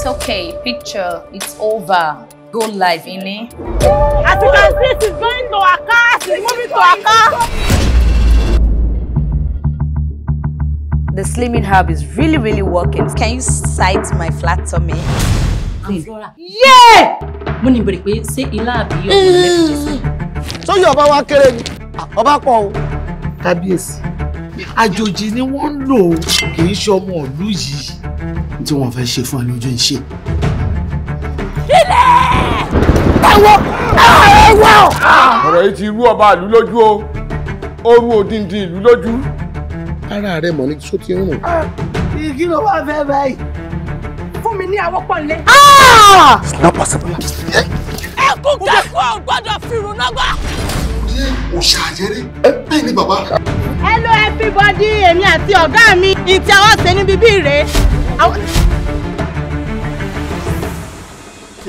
It's okay, picture, it's over. Go live, Ine. As you can see, she's going to her car, she's moving to her car. The Slimming Hub is really, really working. Can you sight my flat tummy? Please. Yeah! Mo ní bèrè pé ṣé ilá àbí ọmọ lẹ́nu jẹ́ sí? Sọ́yìn ọba wa kéré ni, ọba pọ̀ o. Kábíyèsí, àjòjì ni tí wọ́n fẹ́ ṣe fún ẹ lójú ń ṣe. ilé ẹwọ ẹwọ. ọ̀rọ̀ yìí ti rú ọba ìlú lójú o ó rú odindi ìlú lójú. ara rẹ mọ̀ ní tó ti ń rùn. kí ló wá fẹ́ báyìí fún mi ní àwọn pọ̀nlé. Ah! it's not possible. ẹkún kẹ́kọ̀ọ́ gbọ́dọ̀ fìrùn náà gbà ní òṣà àjẹrí bẹ́ẹ̀ ni bàbá. hello everybody èmi àti ọ̀gá mi ìtì àwọn ṣe níbi bí rèé. i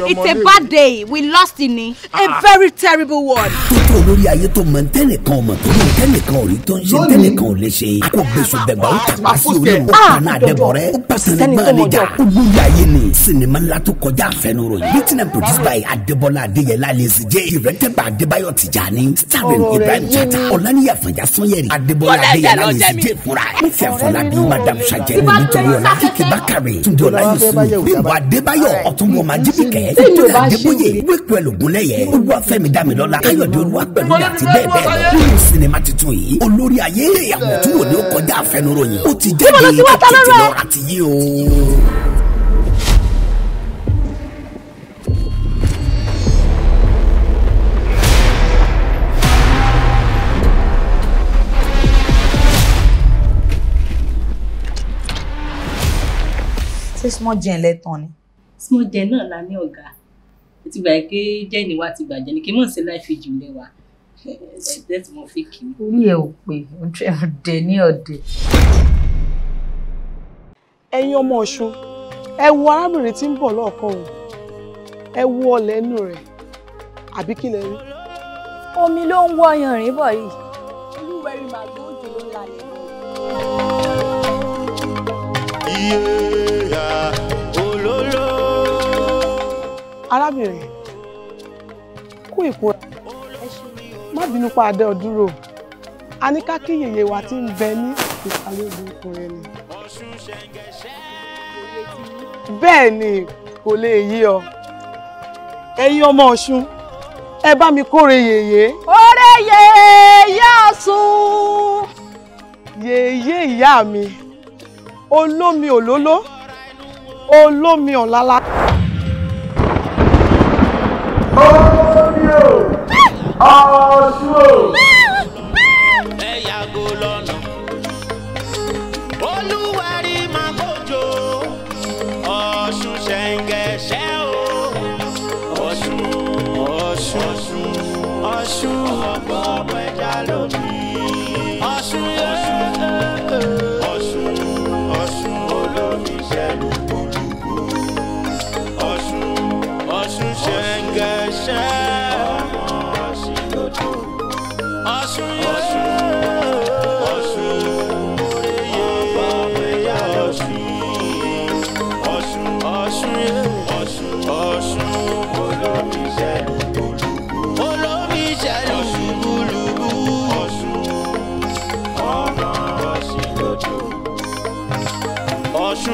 it's a bad day we lost ini a ah, ah. very terrible one. tótó olórí ayé tó mọ ntẹ́lẹ̀ ọmọ tó ní ntẹ́lẹ̀ òrí tó ń ṣe ntẹ́lẹ̀ ò lè ṣe kó gbèsò dẹ̀gbà ó tàpá sí orí ah, mọ̀ kaná àdẹ́bọ̀ ó pàṣẹ ní gbàlejò olórí ayé ni sinimá ńlá tó kọjá àfẹnuro yìí written and by adébọ́lá adéyẹlá lẹ́sìn jẹ́ directed by adébáyọ̀ tìjàní starring ibrahim chata ọ̀lànìyà fàjà sọ́yẹ̀rì adébọ́lá adéyẹlá àṣẹ ètò àdébóyè wípé ẹlògúnlẹ̀ yẹ olúwàfẹ́mi dámilọ́lá káyọ̀dé olúwa pẹ̀lú àti bẹ́ẹ̀ bẹ́ẹ̀ lọ nínú sinimá titun yìí olórí ayé ìyàwó tí wò ni ó kọjá àfẹnuròyìn ó ti jáde tètè lọ àti yí o. ṣé small jane lẹ́tàn ni small gen náà la ní ọ̀gá ti gbà pé jẹ́ni wa ti bàjẹ́ ni kí mọ̀ sí láì fi jù lẹ́wà ẹ̀ẹ́dẹ́t mo fi kì í. orí ẹ ò pé ọdẹ ní ọdẹ. ẹ̀yin ọmọ ọ̀ṣun ẹ wo arábìnrin tí ń bọ̀ lọ́ọ̀kan o ẹ wo ọlẹ̀ ẹnu rẹ̀ àbí kí lẹ rí. omi ló ń wọyàn rìn bọ̀ yìí. olúwẹ̀rí màgbọ́n òjò ló ń lalẹ̀. iye ya arábìnrin kú ìpòrà má bínú pa adé ọdúró a ní ká kí yèyé wa ti ń bẹ ní ìsàlẹ̀ ògùnkùn rẹ ni. bẹ́ẹ̀ ni kò lè yí ọ ẹ̀yin ọmọ ọ̀ṣun ẹ bá mi kóre yèyé. kóre yèyé ọ̀ṣun. yèyé ìyá mi olómi òlóló olómi ọ̀làlá. Ọ̀ṣun. ẹ yàgò lọ́nà olúwẹ̀rí máa kójó Ọ̀ṣun ṣẹ̀ǹgẹ̀ṣẹ̀ o Ọ̀ṣun Ọ̀ṣun Ọ̀ṣun ọ̀pọ̀ ọ̀pọ̀ ẹja lómi.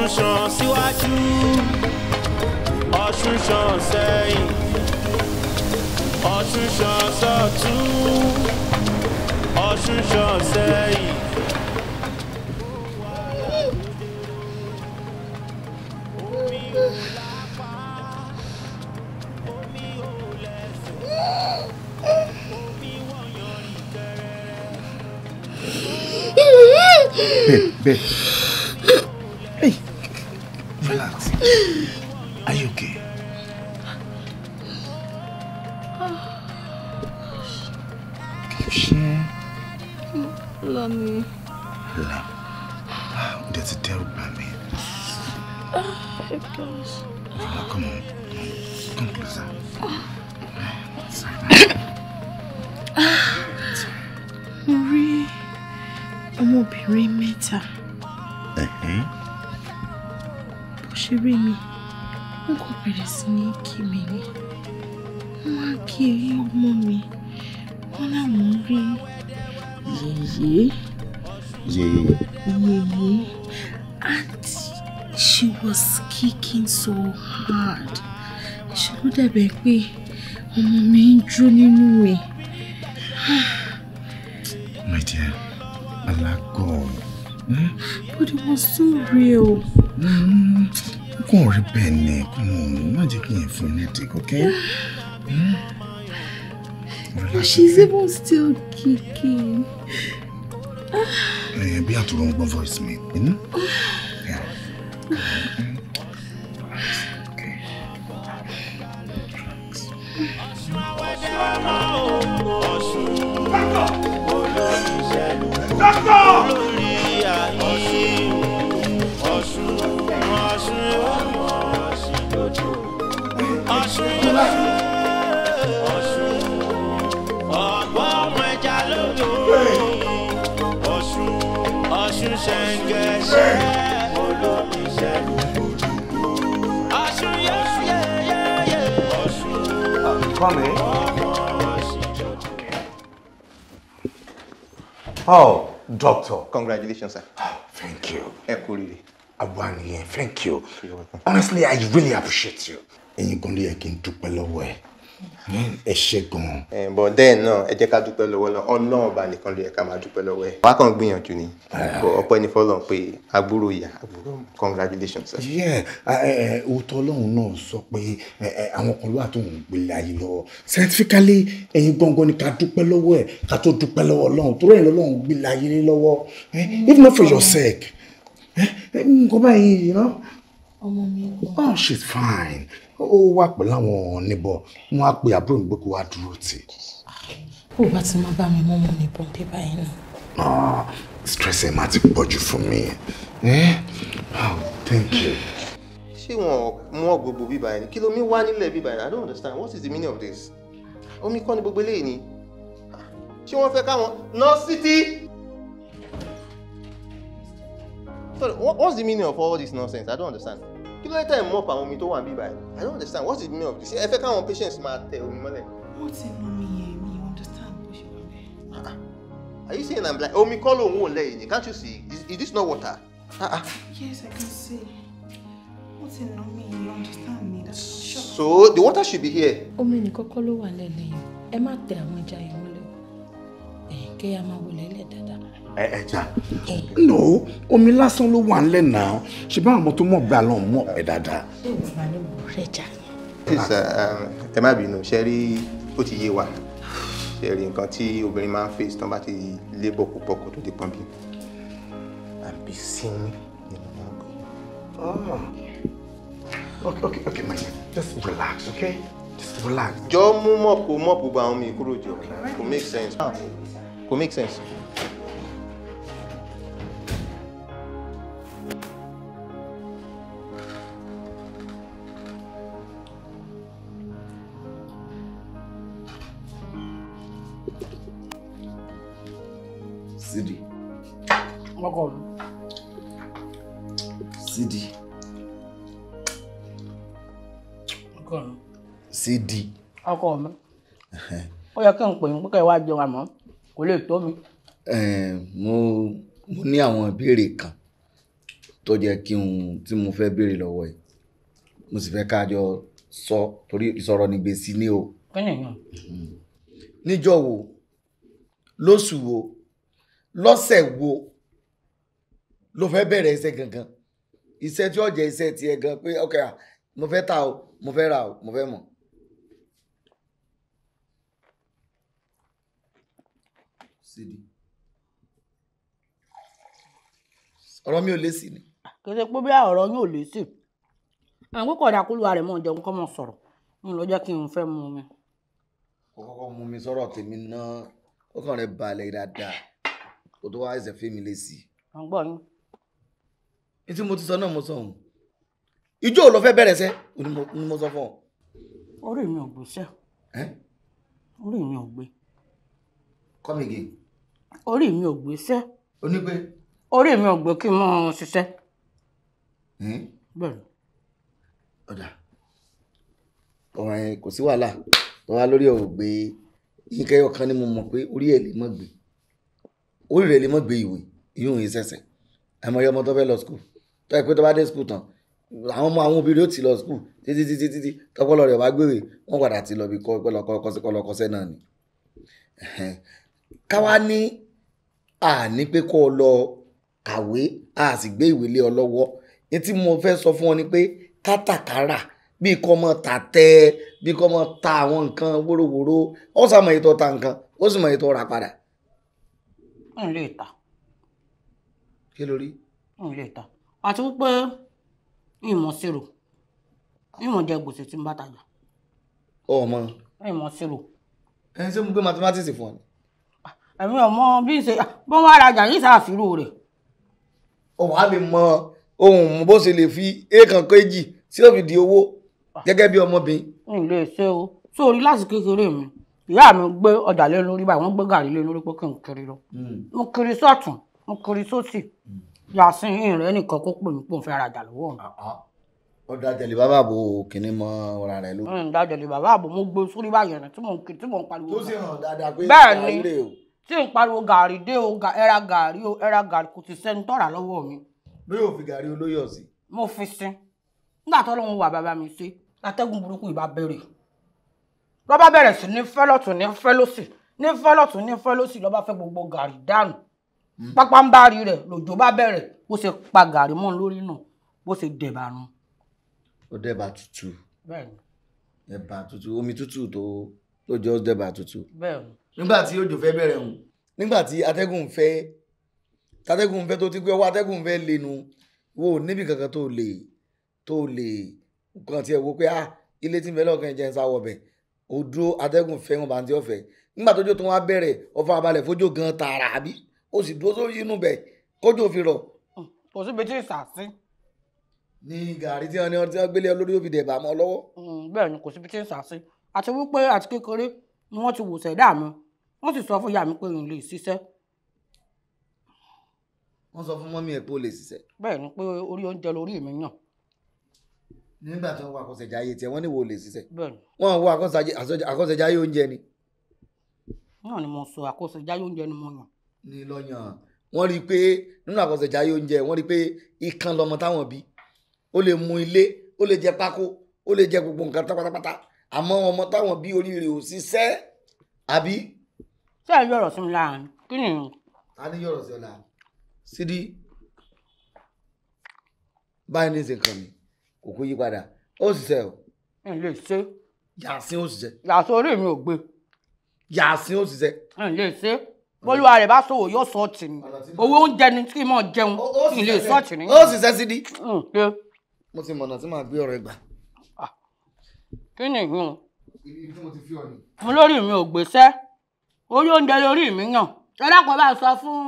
ọ̀ṣun síwájú ọ̀ṣun sẹ́yìn ọ̀ṣun ṣàn sọ́tún sẹ́yìn. Babe, kì í ṣe. lami. la ó dẹ̀ ti dẹ́rù bà mí. ọmọ come on come closer. mo rí Sorry. mẹ́ta bó ṣe rí mi n kò bẹ̀rẹ̀ sí ní kí mi ni. Uh -huh kí ọmọ mi wọ́n láwọn rí yèyé yèyé yèyé and she was kicking so hard ṣe ló dẹ̀bẹ̀ pé ọmọ mi ń jó nínú rẹ̀. my dear alago. Hmm? but it was so real. Hmm. kò rí bẹ́ẹ̀ ni kò mọ̀ ọ́n má jẹ́ kí n fún un ní ẹ̀dínkù kẹ́. Hmm? she's even still kicking. Yeah, be at wrong voice, me. Mm? Yeah. Okay. Doctor! Doctor! ṣẹ̀ǹgẹ̀ṣẹ̀ olómi Oh, doctor. Congratulations, sir. Oh, thank you. Ẹ kú oríire. Agbaniyan, thank you. You're welcome. Honestly, I really appreciate you. Ẹ̀yin gan ló yẹ kí n dúpẹ́ lọ́wọ́ ẹ ẹ ṣe gan. bọ̀ dẹ́ẹ̀ náà ẹ jẹ́ ká dúpẹ́ lọ́wọ́ náà ọlọ́run ọba nìkan ló yẹ ká máa dúpẹ́ lọ́wọ́ ẹ̀. wá kàn gbìyànjú ni ah. ọpẹ́ ní fọlọ́n pé àbúrò ìyá àbúrò congratulations. yẹ òótọ́ ọlọ́run náà sọ pé àwọn kan ló wà tó ń gbélé ayé lọ́wọ́ scientifically ẹ̀yin gbọ̀ngàn ni ká dúpẹ́ lọ́wọ́ ẹ̀ ká tó dúpẹ́ lọ́wọ́ ọlọ́run tó rẹ̀ lọ́wọ́ gbélé ayé lọ́wọ́ if not for your sake nǹkan báyìí you know. ọmọ mi oh she's fine ó wà pẹ̀lú àwọn níbọ̀ wọn á pe àbúrò mi pé kó wá dúró tì. kó o bá ti máa bá mi mú mu níbọn dé báyìí nù. Ah, stress ẹ̀ máa ti pọ̀ jù fún mi eh? oh, thank you. ṣé wọn mú ọgbogbo bíbá ẹni kí ló mi wá nílẹ̀ bíbá ẹni i don't understand what is the meaning of this omi kọ́ ni gbogbo eléyìí ni ṣé wọ́n fẹ́ káwọn nọ́ọ̀sì tí. Sorry, what's the meaning of all this nonsense? I don't understand kí ló dé tẹ̀ mọ́ àwọn omi tó wà níbí báyìí i don't understand what's the meaning of this ẹ fẹ́ káwọn patients máa tẹ omi mọ́lẹ̀. wọ́n ti nu mi yẹn mi understand bó ṣe wà bẹ́ẹ̀. Ah, ah. are you saying i'm like omi kọ́ lòun ò lẹ́yìn can't you see is, is this not water. Uh -uh. yes i can see wọ́n ti nu mi You understand me that's for sure. so the water should be here. omi nìkan kọ́ ló wà lẹ́nu yìí ẹ má tẹ àwọn ẹja yẹn mọ́lẹ̀ kẹ́yà máa wọlé ẹlẹ́dàá ẹja. no omi lásán ló wà nílẹ̀ náà ṣùgbọ́n àwọn tó mọ̀ gbà lọ́n mọ̀ pẹ́ dáadáa. Uh, um, ẹ má bínú ṣe rí ó ti yé wa ṣe rí nǹkan tí obìnrin máa ń face tán bá ti lébọ̀ púpọ̀ kó tó di pọ́n bí. àbí sinmi ni mo máa ń gbé. okay okay okay my dear just relax okay just relax. jọ mú mọ̀pù mọ̀pù bá àwọn mi kúrò jọ kò make sense kò make sense. ọkọ mi. Sidi. ọkọ mi. Sidi. ọkọ o ó yẹ kí n pè ń pé kẹ́ wá jẹun àmọ́ kò lè mo mo ní àwọn ìbéèrè kan tó jẹ́ kí n tí mo fẹ́ béèrè lọ́wọ́ ẹ̀ mo sì fẹ́ ká jọ sọ torí ìsọ̀rọ̀ nígbèsí ni o. kí ni ìyàn. wo lóṣù wo lọ́sẹ̀ wo ló fẹ́ bẹ̀rẹ̀ iṣẹ́ gangan iṣẹ́ tí ó jẹ́ iṣẹ́ gan pé ok mo fẹ́ ta o mo fẹ́ ra o mo fẹ́ mọ̀. ọ̀rọ̀ mi ò lè sí ni. kẹsẹ̀ pé bí ọ̀rọ̀ yóò lè sí àwọn kókò ọ̀dà kúlù ààrẹ mọ̀ jẹun kọ́ mọ̀ sọ̀rọ̀ n ló jẹ́ kí n fẹ́ mu mi. ó kọ́kọ́ mú mi sọ̀rọ̀ tèmi náà ó kàn rẹ̀ balẹ̀ dáadáa kó tó wá ẹsẹ̀ fèmí lé sí i. à gbọ́ yín tí mo ti sọ náà mo sọ òun ìjọ ò lọ fẹ́ bẹ̀rẹ̀ sẹ́ ni mo sọ fún ọ. orí mi ò gbé sẹ́ orí mi ò gbé. come again. orí mi ò gbé sẹ́. o ní pé. orí mi ò gbé kí n mọ ṣiṣẹ́. bẹ́ẹ̀ ni. ọ̀dà ọ̀rọ̀ yẹn kò sí wàhálà wọn á lórí ọ̀rọ̀ gbé yíkẹ́ ọ̀kan ni mo mọ̀ pé orí ẹ̀ lè mọ̀ gbé orí rẹ̀ lè mọ̀ gbé ìwé ìyóhùn yìí sẹ̀sẹ̀ àmọ́ ọmọ tó fẹ́ lọ school tó ẹ pé tó bá dé skul tán àwọn ọmọ àwọn obìnrin ó ti lọ skul títí títí títí tọpọlọ rẹ wá gbèrè wọn padà ti lọ bí kọlọkọsẹ náà ni. káwa ní àní pé kó o lọ kàwé a sì gbé ìwé lé ọ lọ́wọ́ ní tí mo fẹ́ sọ fún ọ ni pé kátàkárà bí kò mọ tàtẹ bí kò mọ ta àwọn nǹkan wóróworó ó sà mọ ètò ta nǹkan ó sì mọ ètò rà padà. n lè ta. kí ló rí. n lè ta àti wípé ìmọ̀ sírò ìmọ̀ jẹ gbèsè tí n bá tajà. ọmọ. ìmọ̀ sírò. ẹ ṣé mo gbé mathematics fún ọ. ẹ̀mi ah, ọmọ bí ṣe ah, bó wá rajà yìí ṣàfírò rẹ̀. ọmọ á lè mọ ohun bó ṣe lè fi èèkàn kejì sí òfìdí owó ah. gẹ́gẹ́ bí ọmọbìnrin. n lè ṣe o sórí láti kékeré mi ìyá mi gbé ọjà lé lórí báyìí wọ́n gbé gàrí lé lórí pé kí n kiri lọ hmm. mo kiri sọ́tún mo kiri sósì hmm yasin ìrìn nìkan kó pè mí pò ń fẹ́ rajà lọ́wọ́ mi. ó dájẹ̀lì bàbá àbò kìnní mọ ọ̀rà rẹ̀ ló. dájẹ̀lì bàbá àbò mo gbé sórí báyìí rẹ̀ tí mò ń kiri tí mò ń pariwo. tó sì hàn dáadáa pé gàrí rè o. tí n pariwo gàrí dé o ẹra gàrí o ẹra gàrí kò sì sẹ́ni tọ́ra lọ́wọ́ mi. bí yóò fi gàrí olóyè ọ̀sìn. mo fi sin nígbà tó lóun wà bàbá mi sí atẹ́gùn burúkú ìbá bẹ̀rẹ̀ lọ́ba bẹ̀rẹ̀ sí ní fẹ́ lọ́tún ní fẹ́ lọ́sì ní fẹ́ lọ́tún ní fẹ́ lọ́sì lọ́ba fẹ́ gbogbo gàrí dànù pápá ń bá rí rẹ̀ lòjò bá bẹ̀rẹ̀ bó ṣe pa gàrí mọ́ lórí náà bó ṣe dẹ̀bà nu. ó dẹ̀bà tútù. bẹ́ẹ̀ni. dẹ̀bà tútù omi tútù tó tó jọ dẹ̀bà tútù. bẹ́ẹ̀ni. nígbà tí òjò fẹ́ bẹ̀rẹ̀ hùn nígbà tí atẹ́gùn fẹ́ tatẹ́gùn fẹ́ tó ti pé ọwọ́ atẹ́gùn fẹ́ lẹ́nu wo níbi kankan tó lè tó lè kàn tiẹ̀ wo pé ah ilé tí mẹ́lẹ́ ọ̀kan ìjẹun sáwọ̀ bẹ̀ ó dúró atẹ́gùn fẹ́ wọn bá ń tí ọ̀fẹ́ nígbà tójó tó wá bẹ̀rẹ̀ ọ̀fọ̀ abalẹ̀ fójó gan tààrà àbí o sì dúró sórí inú bẹ̀ kójú òfin rọ̀. Hmm, kò síbi tí ìsà sí. ní gàrí tí wọn ní wọn ti gbélé olórí òbí dẹ̀ bá mọ́ lọ́wọ́. Hmm, bẹ́ẹ̀ ni kò síbi tí ìsà sí àti wípé àti kékeré ni wọ́n ti wò sẹ̀dá mi wọ́n sì sọ fún ìyá mi pé n lè ṣiṣẹ́. wọ́n sọ fún mọ́mí ẹ̀ pé o lè ṣiṣẹ́. bẹ́ẹ̀ ni pé orí oúnjẹ lórí mi yàn nígbà tí wọn wọ àkọsẹjáyé tiẹ wọn ní wo lè ṣiṣẹ́ wọn wọ àkọsẹjáyé oúnjẹ ni. náà ni mo sọ àkọsẹjáyé oúnjẹ ni mo yàn ní lọ́yàn wọ́n rí i pé nínú àkọsẹ̀ jáyé oúnjẹ wọ́n rí i pé ikán lọmọ táwọn bí ó lè mu ilé ó lè jẹ pákó ó lè jẹ gbogbo nǹkan pátápátá àmọ́ ọmọ táwọn bí oríire ò ṣiṣẹ́ àbí. ṣé ẹ yọ̀rọ̀ sí mi kí ni. a ní yọ̀rọ̀ sí ọ sídi báyìí ní ìsìn kan mi kò kó yí padà ó ṣiṣẹ́ o. n lè ṣe. yàsín ó ṣiṣẹ́. yàsín orí mi ò gbé. yàsín ó ṣiṣẹ́. n lè ṣe bólúwa rẹ̀ bá sòwò yóò sọ ọtì mi owó oúnjẹ ni kí n mọ̀ jẹun kí n lè sọ ọtì ni. ó sì sẹ́sí di. mo ti mọ̀nà tí màá gbé ọ̀rọ̀ ẹgbà. Ah, kí ni ìhun. mo lórí mi ò gbèsè orí oúnjẹ lórí mi yàn lọ́dọ̀kọ̀ bá sọ fún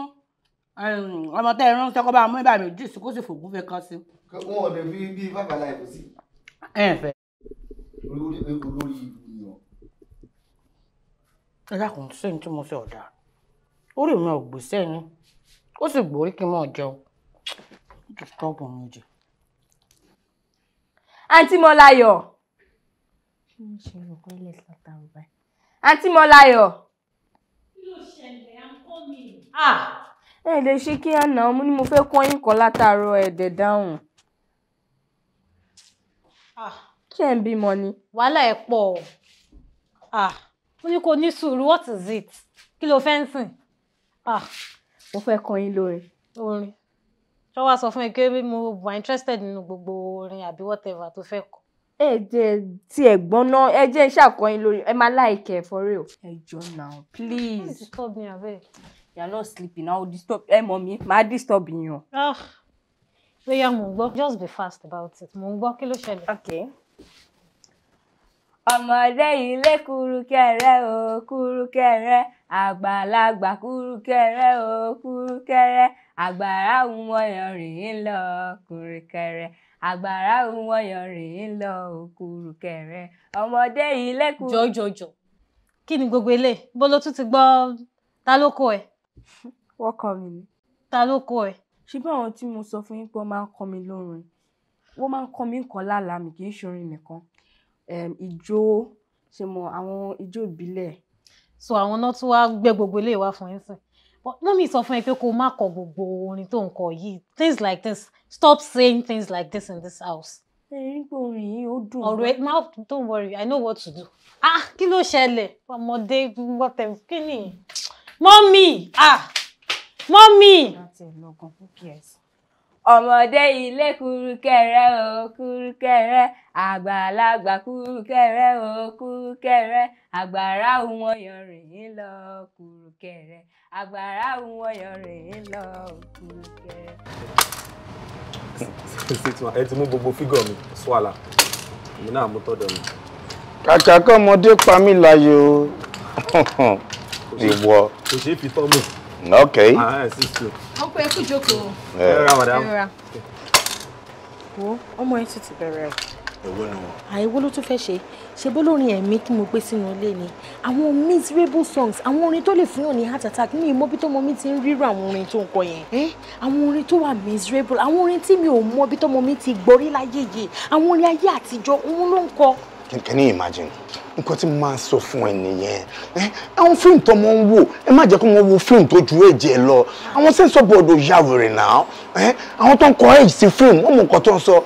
ọmọ tẹ́ ẹ ránṣẹ́ kó bá mú ibà méjì sí kó sì fògùn fẹ́ kan sí. wọn ò lè bí bàbá láì kò sí. ẹ ẹ fẹ́. olórí orí mi ò gbé sẹ́yìn ó sì gbórí kí n mọ̀ jẹun kí n tọ́ bọ̀ mi jù. àǹtí Mọ́láyọ̀ àǹtí Mọ́láyọ̀. ẹ lè ṣe kí á nà ọmú ni mo fẹ́ kọ́ yín kan látàárọ̀ ẹ̀dẹ̀ dáhùn. ṣé ẹ̀ ń bímọ ni. wàhálà ẹ̀ pọ̀ mo ní kó ní sùúrù what is it kí ló fẹ́ ń sìn ah mo fẹ́ kọ yín lórin. orin ṣọ́ wàá sọ fún mi pé mo wà interested nínú gbogbo orin àbí whatever tó fẹ́ kọ. ẹ jẹ́ tí ẹ gbọ́n náà ẹ jẹ́ ń ṣàkọyìn lórí ẹ máa láìkẹ ẹ fọrẹ ẹ jọ now please. don't disturb me abeg. you are not sleeping now disturb ẹ mọ mi máa disturb you. Ah. bóyá mò ń gbọ́ just be fast about it mò ń gbọ́ kí ló ṣẹlẹ̀. okay ọmọdé yìí lé kúrú kẹrẹ o kúrú kẹrẹ àgbàlagbà kúrúkẹrẹ o kúrúkẹrẹ àgbàrá òun wọyàn rìn lọ kúrúkẹrẹ àgbàrá òun wọyàn rìn lọ kúrúkẹrẹ ọmọdé ilé kúrú. jọjọjọ kí ni gbogbo ilé bó ló tún ti gbọ́ ta ló kọ ẹ. wọ́n kọ mi ni. ta ló kọ ẹ. ṣùgbọ́n àwọn tí mo sọ fún yín pé wọ́n máa ń kọ́ mi lórin wọ́n máa ń kọ́ mi nǹkan lálàá mi kì í ṣorin nìkan ìjó ṣe mọ àwọn ijó ìbílẹ̀ so àwọn náà tún wá gbé gbogbo eléyìí wá fún ẹ but mọ́mí sọ fún ẹ pé kó má kọ gbogbo orin tó ń kọ yìí things like this stop saying things like this in this house. ẹ̀rín pé orin yìí ó dùn. ọ̀rọ̀ ẹ má don't worry i know what to do. ah kí ló ṣẹlẹ̀ ọmọdé whatever kí ni mọ́mí ah mọ́mí. ọmọdé ilé kúrúkẹrẹ o kúrúkẹrẹ àgbàlagbà kúrúkẹrẹ o kúrúkẹrẹ àgbàrá òun ọyàn rèé lọ kùrùkẹrẹ àgbàrá òun ọyàn rèé lọ kùrùkẹrẹ. ẹ ti mú gbogbo fígọ̀ mi swala èmi náà mú tọ́dọ̀ mi. kàkà kọ́ ọmọdé pa mí láyé o ìwọ. kò ṣeé fi tọ́ mọ̀. ok. Ah, ó pé kú jókòó. ẹ ra wàdà. ẹ ra. wo ọmọ yẹn ti ti bẹ̀rẹ̀ èwo nu wọn. àìwó ló tún fẹ́ ṣe ṣe bó lórin ẹ̀mí kí mo gbé sínú ilé ni àwọn miserable songs àwọn orin tó lè fún yàn ní heart attack mi ìmọ̀ bí tọ́mọ mi ti ń rírọ àwọn orin tó ń kọ yẹn àwọn orin tó wà miserable àwọn orin tí mi ò mọ bí tọ́mọ mi ti gborí láyé yìí àwọn orin ayé àtijọ́ òun ló ń kọ can you imagine nǹkan tí máa sọ fún ẹ nìyẹn àwọn fíìmù tó mọ ń wò ẹ má jẹ́ kó wọ́n wo fíìmù tó ju èjì lọ àwọn sẹ́ńsọ̀ bọ́ọ̀dù yàwèrè náà àwọn tó ń kọ èjì sí fíìmù wọ́n mọ nǹkan tó ń sọ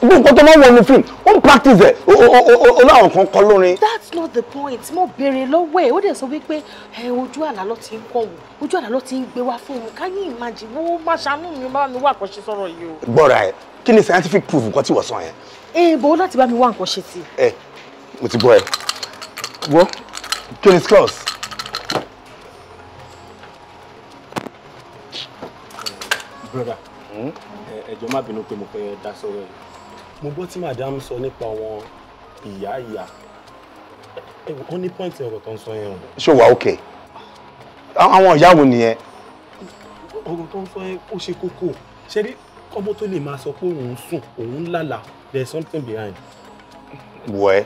bí nǹkan tó máa ń wọ film ó ń practice ẹ̀ ó kan kọ lórin. that's not the point mo béèrè lọ́wọ́ ẹ̀ ó dẹ̀ sọ wípé ẹ ojú àlá ló ti ń kọ̀ wò ojú àlá ló ti ń gbé wá fún mi ká yín imagine wọ́n máa ṣàánú mi bá mi wá àkọ́ṣe sọ̀rọ̀ yìí o. gbọ́ra ẹ kí ni scientific proof nǹkan tí wọ́n sọ yẹn. ẹ bò ó láti bá mi wá nǹkan ṣe sí. ẹ mo ti gbọ́ ẹ wọ kí ni scores. brother ẹ jọ̀ọ́ má bínú pé mo fẹ́ dá sọ́wọ́ yìí mo gbọ́ tí madam sọ nípa àwọn ìyá ìyá ó ní pọ́ǹtì ọ̀rọ̀ tó ń sọ yẹn o. ṣó wà ókè àwọn ìyá wo nìyẹn. ọ̀rọ̀ tó ń sọ yẹn ó ṣe kókó ṣe rí ọmọ tó lè máa sọ pé òun sùn òun lálà there is something behind. wẹ́ẹ́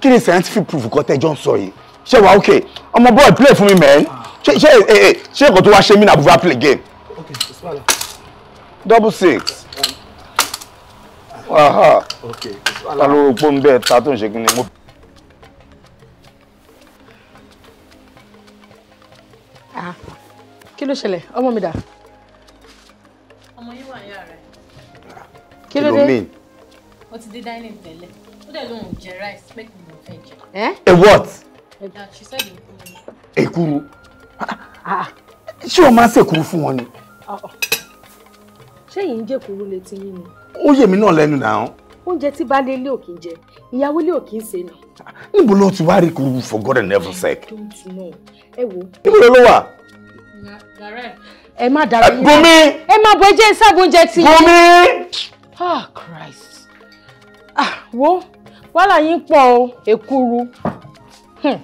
kí ni scientific proof kọ́ tẹ́jọ́ ń sọ yìí ṣé wà ókè ọmọ boy play fún mi mẹ́ẹ́ ṣé ṣé eh, eh, ṣé nǹkan tó wá ṣe mí ní play game. okay, double six ta ló rò pé ń bẹ́ẹ̀ ta tó ń ṣe kí ni mo. Ah, kí ló ṣẹlẹ̀ ọmọ mi dà. ọmọ yín wà yá rẹ. kí ló dé ó ti dé dining tẹ́lẹ̀ ó dẹ̀ lóun jẹ rice make me no fẹ́ jẹ. what. ẹ̀dá she said èkuru. èkuru ah, ah. ṣé o máa se ṣèkuru fún wọn ni. ṣé yìí ń jẹ́kuru létí yín ni ó yè mí náà lẹ́nu náà. oúnjẹ tí baálé ilé ò kì í jẹ ìyàwó ilé ò kì í ṣe nà. níbo ló ti wá rí kúrú for God and heaven sake. ẹ wo. níbo ló wà. ẹ má dara yín. Bùnmi. ẹ má bọ ẹjẹ ìsáàbò ti. Bùnmi. ah Christ ah wo wàhálà yín pọ̀ o Hmm.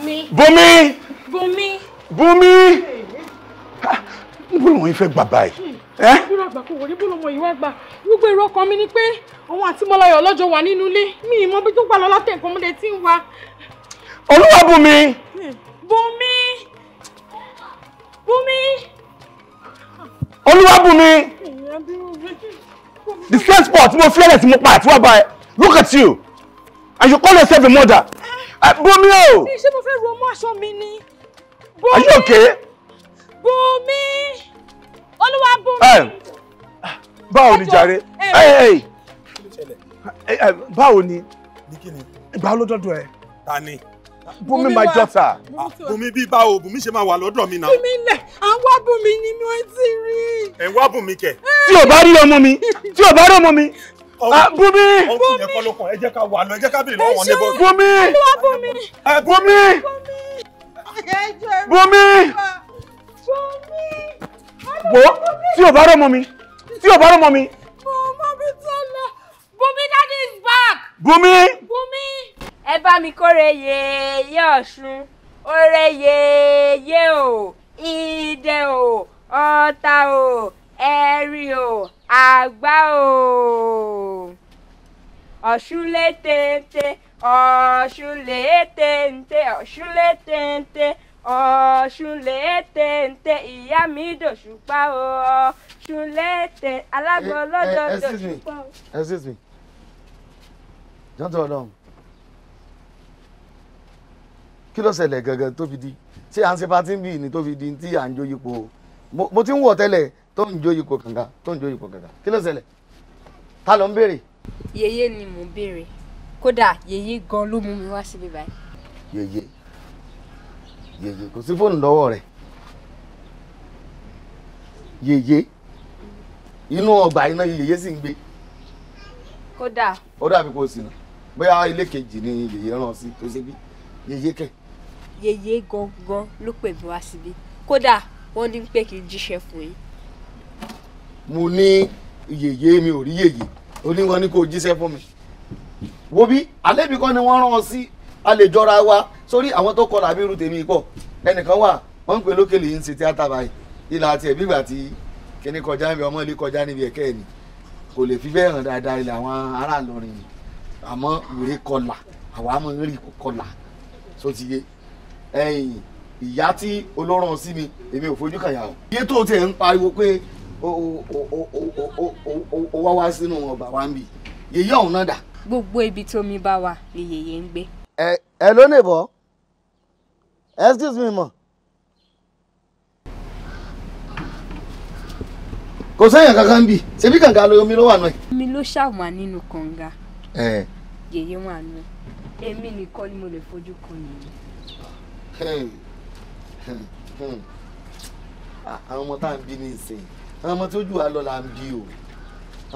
Bumi. Bumi. Bumi. Níbo ni wọ́n fẹ́ gbà báyìí? Ìbúra àgbà kò wọlé bọ́lọ́mọ ìwà àgbà. Gbogbo èrò ọkàn mi ni pé òun àti Mọ́láyọ̀ lọ́jọ́ wà nínú ilé. Mi ì mọ bí tó gbà lọ látẹ̀ nǹkan mọ́lẹ̀ tí ń wa. Olúwa Bùnmi. Bumi. Bùnmi. Olúwa Bùnmi. The same spot mo fi ẹ̀rẹ̀ tí mo pa àtiwá bá Look at you and you call yourself a mother. Ah! Ah, Bumi o. Ṣé mo aṣọ mi ni. Are you okay? Bùnmi. Olúwa Bùnmi. Báwo ni jàre? Báwo ni? Ìgbà ló ẹ. Ta ni? Bùnmi my daughter. Ah, bùnmi bí báwo Bùnmi ṣe máa wà lọ́dọ̀ mi náà. Bùnmi lẹ̀, à ń wá Bùnmi ni mi ò ti rí. Ẹ ń wá Bùnmi kẹ̀. Tí ò bá rí ọmọ mi, tí ò bá rí ọmọ mi, Bumi. Bumi. Bumi. Bumi. ká wà lọ, ẹ jẹ́ ká bèrè lọ́wọ́ wọn níbọ̀. Bùnmi. Bùnmi. Bùnmi. Bùnmi. Wo tí o bá rọ̀ mọ́ mi, tí o bá rọ̀ mọ́ mi. Bùnmi mi Bumi. lọ, Bùnmi daddy is back. Bumi. Bumi. Ẹ bá mi kórè yèyé Ọ̀ṣun, òrè yèyé o, ìdè o, ọ̀tà o, ẹ̀rí o àgbà o ọ̀ṣunlé téńté ọ̀ṣunlé téńté ọ̀ṣunlé téńté ọ̀ṣunlé téńté ìyá mi dòṣùpá o ọ̀ṣunlé téńté alágbọ̀n eh, eh, lọ́dọ̀ eh, dòṣùpá o. excuse me jọ́ntọ́ ọlọ́run kí ló ṣẹlẹ̀ gangan tó fi di ṣé à ń ṣe pátí bíi ni tó fi di tí à ń jó yípo mo ti ń wọ̀ tẹ́lẹ̀ tó ń jó ipò kànga tó ń jó ipò kànga kí ló ṣẹlẹ̀ ta ló ń béèrè. ni mo béèrè kódà gan ló mú mi wá síbi báyìí. yeye yeye kò sí fóònù lọ́wọ́ rẹ̀ yeye inú ọgbà iná yeye sì ń gbé. kódà. ó dàbí kó o sì nà bóyá ilé kejì ni yeye rán ọ sí tó ṣe bí yèyé kẹ. gangan ló pè mí wá síbi kódà wọ́n ní pé kí n jíṣẹ́ fún yín. mo ní yèyé mi ò rí yèyé oníwọ̀n ni kò jíṣẹ́ fún mi wo bí àlébi kan ni wọ́n rán ọ sí a jọra wa sórí àwọn tó kọlà bí irú tèmi pọ̀ ẹnìkan wà wọ́n ń pè lókèlè yìí ń ṣe tíátà báyìí ìlà àti ẹ̀bí ìgbà kíní kọjá níbi ọmọ ilé kọjá níbi ẹ̀kẹ́ ẹ̀ ni kò lè fi bẹ́ẹ̀ hàn dáadáa ilẹ̀ àwọn ará Ìlọrin ni àmọ́ ìrè kọlà àwa mọ̀ ń rí kọlà sótìyé ẹ̀yìn ìyá tí olóràn sí mi èmi ò fojú kàyà o. iye tó tiẹ̀ ń pariwo pé wa wa wá sínú ọgbà wa ń bì yèyé ọ̀hún náà gbogbo ibi tí omi bá wà ni yeye ń gbé. ẹ ẹ ló bọ excuse me mọ. kò sẹ́yìn kankan ń bì ṣebí kànga lóye omi ló wà nù ẹ̀. omi lo ṣàwà nínú kànga yèyé wà nù ẹ̀ èmi nìkan ni mo lè fojú kan yìí. Ah, àwọn ọmọ tá à àwọn ọmọ tó jù wá lọ là ń bí o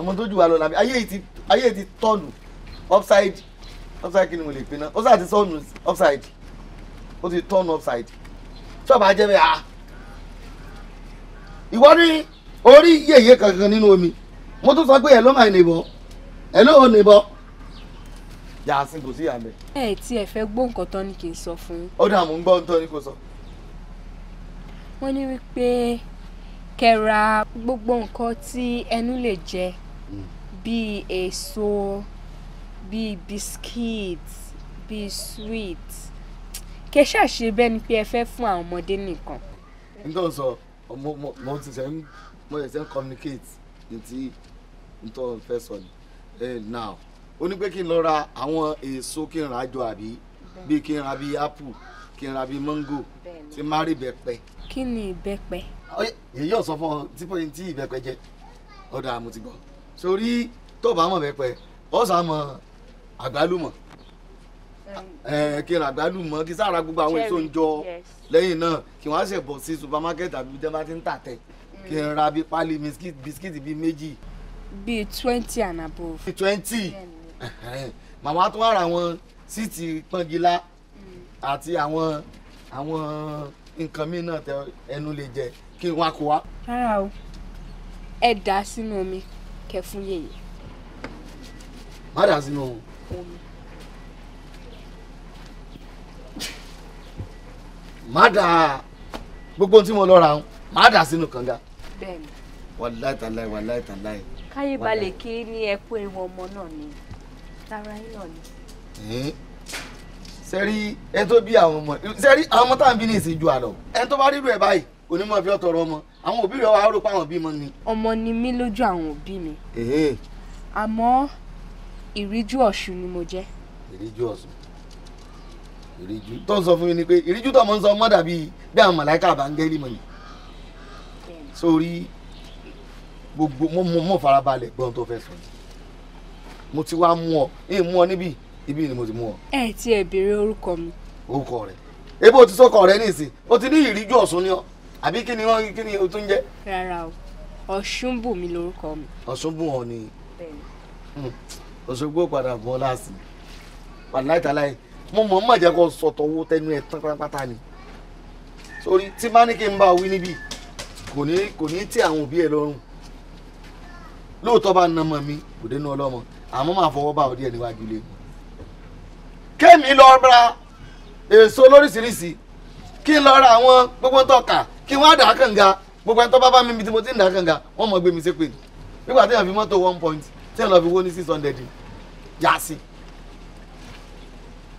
ọmọ tó jù wá lọ là ń bí ayé ti ayé ti tọ́nù upside upside kí ni mo lè náà ó sáà ti sọ́nù upside ó ti tọ́nù upside tí ọba bẹ́ẹ̀ ah ìwọ ní orí yèyé kankan nínú omi mo tún sọ pé ẹ ló máa nìbọn ẹ ló ò nìbọn yà á sin kò sí ẹ tí ẹ fẹ́ gbọ́ nǹkan tán sọ fún. ó gbọ́ sọ. wọ́n ní wípé kẹ́ ra gbogbo nǹkan tí ẹnu lè jẹ bíi èso bíi biscuit bíi sweet kẹ́ ṣáà ṣe bẹ́ẹ̀ ni pé ẹ fẹ́ fún àwọn ọmọdé nìkan. n tó sọ mo mo mo ti sẹ ń mo ti sẹ ń communicate ní ti n tó fẹ́ sọ ni now ó ní pé kí n lọ ra àwọn èso kí n ra àjọ àbí bíi kí n ra bíi apple kí n ra bíi mango tí má rí bẹ́pẹ. kí ni ìbẹ́pẹ èyí ò sọ fún ọ tí pé tí ìbẹ́pẹ jẹ ọ̀dà àmú ti gbọ́ sórí tó bá mọ̀ bẹ́pẹ ọ̀sán mọ̀ àgbálùmọ̀ ẹ kíra àgbálùmọ̀ kí sára gbogbo àwọn èso ń jọ lẹ́yìn náà kí wọ́n á ṣe bọ̀ sí supermarket àbí jẹ́ bá ti ń tà tẹ̀ mm. kí n ra bíi pálí bisikíìtì bíi méjì. bíi twenty and above. bíi twenty màmá tó wá ra àwọn síìtì pọ́ngilá mm. àti àwọn àwọn nǹkan mìíràn tẹ ẹnu lè jẹ kí n wá kó wá. rárá o ẹ dà á sínú omi kẹ fún yèyè. má dà á sínú omi. má dà á gbogbo ohun tí mo lọ ra má dà sínú kànga. bẹ́ẹ̀ni. wàláì tàláì wàláì tàláì. káyé balẹ̀ kiri ní ẹkú ewu ọmọ náà ni tara yín náà ni sẹ́rí ẹ tó bí àwọn ọmọ sẹ́rí àwọn ọmọ tá à ń bí ní ìsìn ju àlọ́ ẹ tó bá rí rẹ̀ báyìí onímọ̀ fi ọ̀tọ̀ rọ ọmọ àwọn òbí rẹ̀ wàá rò pé àwọn bímọ ni. ọmọ ni mí lójú àwọn òbí mi. àmọ́ ìríjú ọ̀ṣun ni mo jẹ́. ìríjú ọ̀ṣun ìríjú tó ń sọ fún mi ni pé ìríjú tó mọ̀ ń sọ mọ́ dàbí bí àwọn màláìka àbángẹ́lì mọ̀ ni. sórí gbogbo mo mọ mọ farabalẹ̀ gbọ́n tó fẹ́ sọ mo ti wá mú ọ ẹ mú ọ níbí ibi ni mo ti mú ọ. ẹ ti ẹ béèrè orúkọ mi. orúkọ rẹ ebi o ti sọkọ rẹ nísìn o ti ní ìríjú ọ̀ṣun ni ọ àbí kí ni wọ́n kí ni o tún jẹ́. rárá o ọ̀ṣunbù mi lórúkọ mi. ọ̀ṣunbù hàn ni òṣogbo hmm. padà bọ́ láàsì wàláìtàláì mo mọ̀ mọ̀ jẹ́ kó sọ̀tọ̀ owó tẹnu ẹ̀ tán pátápátá ni sórí tí má ní kí n bá wí níbí kò ní kò ní tí àwọn òbí ẹ lọ́rùn lóòótọ́ bá na mọ̀ mi kò dénú ọlọ́mọ àmọ́ máa fọwọ́ bá òdi ẹ̀ níwájú ilé mi kémi lọ ra èso lóríṣiríṣi kí n lọ ra àwọn gbogbo tó kà kí wọ́n á dà á kànga gbogbo ẹni tó bá bá mi bí mo ti ń dà á kànga wọ́n mọ̀ gbé mi sépè ní nígbà tí èèyàn fi mọ́tò one point tí èèyàn lọ fi wó ní six hundred yà sí.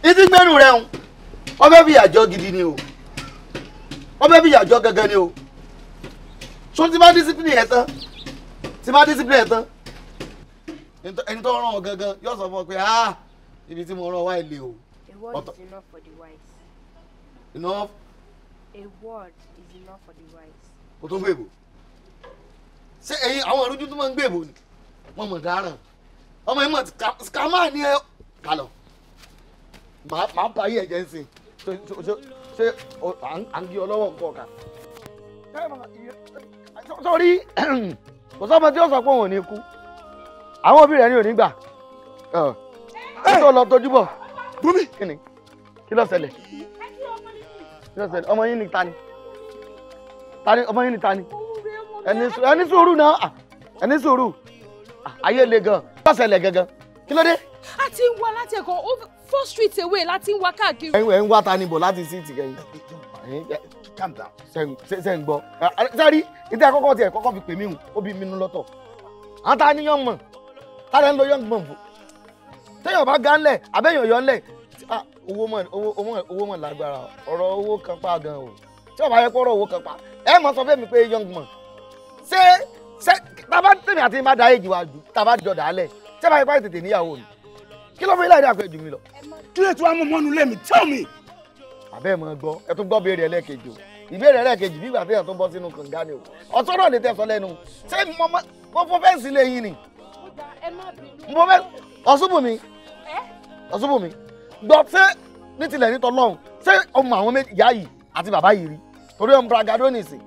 ìdí gbẹ́rù rẹ̀ ń ọbẹ̀ bí àjọ gidi ni o ọbẹ̀ bí àjọ gẹ́gẹ́ ni o so ti bá discipline yẹn tán ti bá discipline yẹn tán ẹni tó rán ọ gangan yóò sọ fún ọ pé ah ibi tí mo rán ọ wá ilé o. the world is enough for the wise. enough a word is enough for the wise. o tó ń gbèbò ṣé ẹ̀yin àwọn to tó máa ń gbèbò ni wọn mọ̀ dáràn ọmọ yìí mọ̀ sàkámà ni ẹ kà lọ màá bá yí ẹ̀jẹ̀ ń sìn ṣé à ń gé ọ lọ́wọ́ nǹkan ọ̀kan. sorry. kò sọ́mọ tí ó sọ pé òun ò ní kú àwọn òbí rẹ̀ ni ò gbà ẹ̀ tó lọ tójú bọ̀. bùnmi kí ló ṣẹlẹ̀ ṣẹ̀ṣẹ̀ ọmọ yín ni tani tani ọmọ yín ni tani ẹni sùúrù náà ah, ẹni sùúrù ah, ayé le gan ṣẹ̀ṣẹ̀lẹ̀ gangan kí ló dé. a ti ń wá láti ẹ̀kọ́ four streets away láti ń wá káàkiri. ẹ ń wá tani bọ̀ láti sí ìtìkẹ́yìn calm down. ṣe ń gbọ́ ah, sẹ́rí ìdá kọ́kọ́ tiẹ̀ kọ́kọ́ fi pè mí hùn ó bí mi nu lọ́tọ̀ àwọn tá a ní young man tá a lè ń lo young man fò téèyàn bá ga ńlẹ̀ àbẹ́yàn yọ ńlẹ̀ owó mọ̀ owó owó owó mọ̀ lágbára ọ̀rọ̀ owó kan pa gan o tí o bá yẹ kó ọ̀rọ̀ owó kan pa ẹ mọ̀ sọ fún mi pé young man ṣé ṣé tàbá tèmi àti má da èjì wa jù tàbá jọ dàálẹ̀ ṣé bá yẹ kó tètè níyàwó ni kí ló fi láì dé àpẹjù mi lọ. kílẹ̀ tí wàá mú mọ́nu lẹ́mi tell me. àbẹ́ mọ̀ gbọ́ ẹ tún gbọ́ béèrè ẹlẹ́ẹ̀kejì o ìbéèrè ẹlẹ́ẹ̀kejì bí ìgbà téèyàn tó bọ́ sínú kànga ni o ọ̀tọ́ náà lè tẹ̀sọ́ lẹ́nu ṣé mo fọ́ fẹ́ǹsì lẹ́yìn ni. mo fẹ́ ọ̀ṣùbùnmi ọ̀ṣùbùnmi gbọ́ ṣé ní tilẹ̀ ní tọ́lọ́hún ṣé ọmọ àwọn méjì ìyá yìí àti bàbá yìí rí torí ọmọ bragado nìsín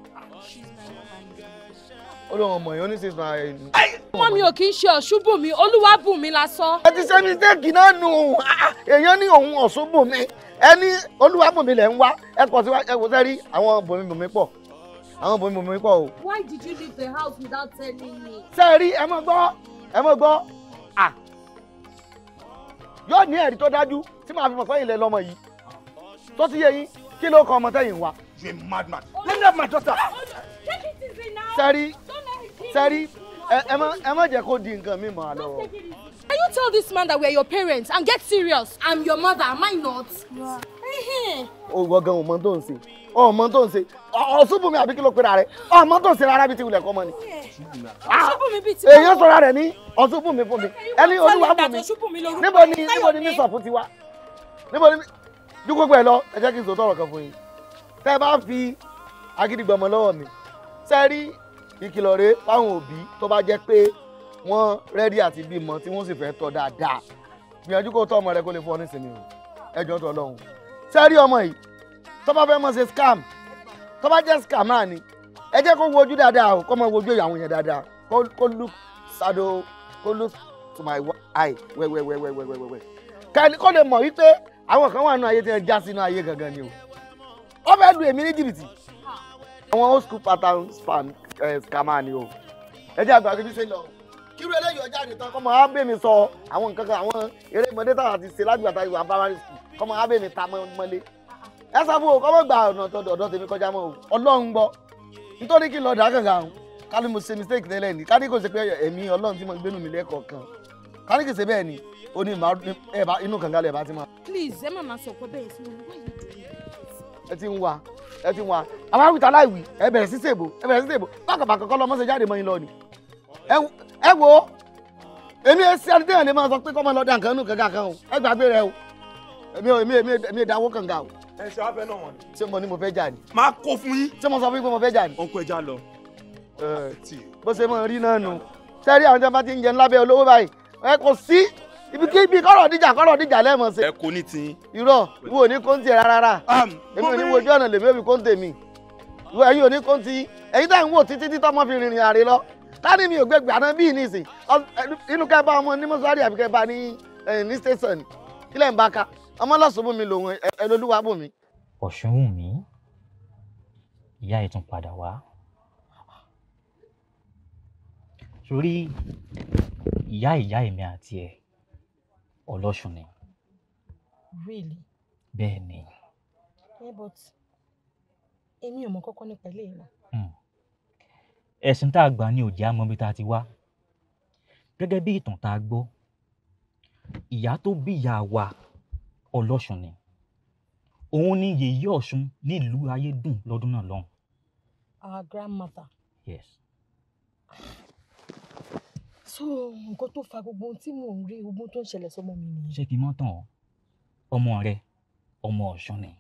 ó lóun ọmọ yìí ó ní six nine. ọmọ mi ò kì í ṣe ọ̀ṣunbùnmi olúwàbùnmi la sọ. ẹ ti ṣe mistake náà nù èèyàn ní òun ọ̀ṣunbùnmi ẹni olúwàbùnmi lẹ̀ ń wá ẹ pọ̀ sí ẹ kò sẹ́ rí àwọn bùnmibùnmi pọ̀ àwọn bùnmibùnmi pọ̀ o. why did you leave the house without telling me. ṣe é rí ẹ mọ gbọ́ ẹ mọ gbọ́ à yóò ní ẹ̀rí tó dájú tí màá fi mọ̀ sẹ́yìn lẹ lọ́mọ yìí tó ti yé yín kí ló kọ ọmọ tẹ́yìn wa. you a madman. let me have my daughter. sẹ́rí sẹ́rí ẹ má jẹ́ kó di nǹkan mi mọ́ àlọ́. Can you tell this man that we are your parents and get serious? I'm your mother, am I not? O wọ gan ọmọ tó ń ṣe ọmọ tó ń ṣe ọ̀ṣùbùnmi àbí kí ló pera rẹ̀ ọmọ tó ń ṣe rárá bíi ti wulẹ̀ kọ́ mọ́ ni. ọ̀ṣùbùnmi ah, bíi ti wọ́n. èyí ó sọra rẹ̀ ní ọ̀ṣùbùnmi fún mi ẹni olúwa fún mi níbo ni níbo ni mísọ̀fù ti wá níbo ni dúkú pẹ̀ lọ ẹ jẹ́ kí n sọ tọrọ kan fún yín tẹ́ ẹ bá fi agídìgbọ̀mọ lọ́wọ́ mi sẹ́rí ìkìlọ̀ rẹ fáwọn òbí tó bá jẹ́ pé wọ́n rẹ́dí àti bímọ tí wọ́n sì fẹ́ tọ́ dáadáa gbìyànjú kó tọ́ ọmọ rẹ kó lè fọ́ nísìnyí o ẹjọ́ tó lọ́hùn sẹ́rí ọmọ yìí tó bá fẹ́ mọ̀ ṣe scam tó bá jẹ́ scam náà ni ẹ jẹ́ kó wojú dáadáa o kó mọ wojú ìyàwó yẹn dáadáa kó look sado kó look to my eye wẹ́wẹ́wẹ́wẹ́wẹ́wẹ́ kó lè mọ̀ wípé àwọn kan wà nínú ayé tí wọ́n já sínú ayé gangan ni o ó fẹ́ lu èmi ní jìbìtì àwọn old school pattern span eh, scammer ni o ẹ jẹ́ àgbà kébí ṣe lọ kírú eléyìí ọjà àdìtọ́ kọ́mọ ábẹ́mi sọ àwọn nǹkan kan àwọn eré mọ́dé tàbí ti ṣe lágbàá tàbí wà primary school kọ́mọ ábẹ́mi ta mọ́lé ẹ sábò kọ́mọ gba ọ̀nà ọ̀dọ́ tèmi kọjá mọ́ o ọlọ́run gbọ́ nítorí kí n lọ dà á kàngàn kálí mo ṣe mistake tẹ́lẹ̀ ní kárí kò ṣe pé ẹ̀mí ọlọ́run tí mo gbénu mi lẹ́kọ̀ọ́ kan káríkì ṣe bẹ́ẹ̀ ni ó ní inú kànga lẹ̀ bá ti máa. please ẹ má máa sọ pé bẹ́ẹ̀ sí mi. ẹ ti ń wa ẹ ti ń wa àwọn àwìtá láìwí ẹ bẹ̀rẹ̀ sí ṣèbò ẹ bẹ̀rẹ̀ sí ṣèbò bákàbàkà kọ́ lọ́mọ́sẹ̀ jáde mọ́ yín lọ ni. ẹ wo èmi ẹ sí adéyàn lè máa sọ pé kọ́mọ lọ́dà nǹkan nù kànga kan o ẹ gbàgbé rẹ o èmi èmi èmi ìdáwó kànga o. ẹ ṣe wá náà wọ̀n ni. ṣé mo ní mo fẹ́ jà ni. máa kó fún yín. ṣé mo sọ fún yín pé mo fẹ́ jà ni. ó ń kó ẹja lọ. bó ṣe mọ rí náà nù. sẹ́rí àwọn jẹ́ bá ti ń jẹ ńlá bẹ́ẹ̀ olówó báyìí ẹ kò sí ibi kí ibi kọ́rọ̀ díjà kọ́rọ̀ díjà lẹ́ẹ̀mọ̀ sí. ẹ kò ní tin. irọ́ ìwọ ò ní kó ń tiẹ̀ rárá èmi ò ní wojú ọ̀nà lèmi òbí kó ń tèmi ìwọ ẹ̀yin ò ní kó ń ti ẹ̀yin tẹ̀ ń wò títí tí tọ́mọ fi rìnrìn àrè lọ káni mi ò gbé gbàná bíi nísìn inú kẹ́ bá ọmọ ní mọ́ṣúárì àbí kẹ́ bá ní ní station kílẹ̀ ń bá ka ọmọ lọ́sùn bùnmi lòun ẹlòlúwa bùnmi. ọ̀sùn wù mí ìyá ìtún padà wá sórí ìyá ìyá èmi àti ẹ̀ ọlọ́ṣun ni. really. bẹ́ẹ̀ ni. yeah but èmi ò mọ kọ́kọ́ nípa ilé ìlà. Hmm. ẹ̀sìn tá a gbà ní òjì àmọ́bí tá a ti wá gẹ́gẹ́ bí ìtàn tá a gbọ́ ìyá tó bí ìyá wa ọlọ́ṣun ni òun ni yèyí ọ̀ṣun nílùú ayédùn lọ́dún náà lọ́hùn. our grandmother. yes so nǹkan tó fa gbogbo ohun tí mò ń rí ogun tó ń ṣẹlẹ̀ sọmọ mi nìyẹn. ṣé kí n mọ́ tàn ọ́ ọmọ rẹ ọmọ ọ̀ṣun ni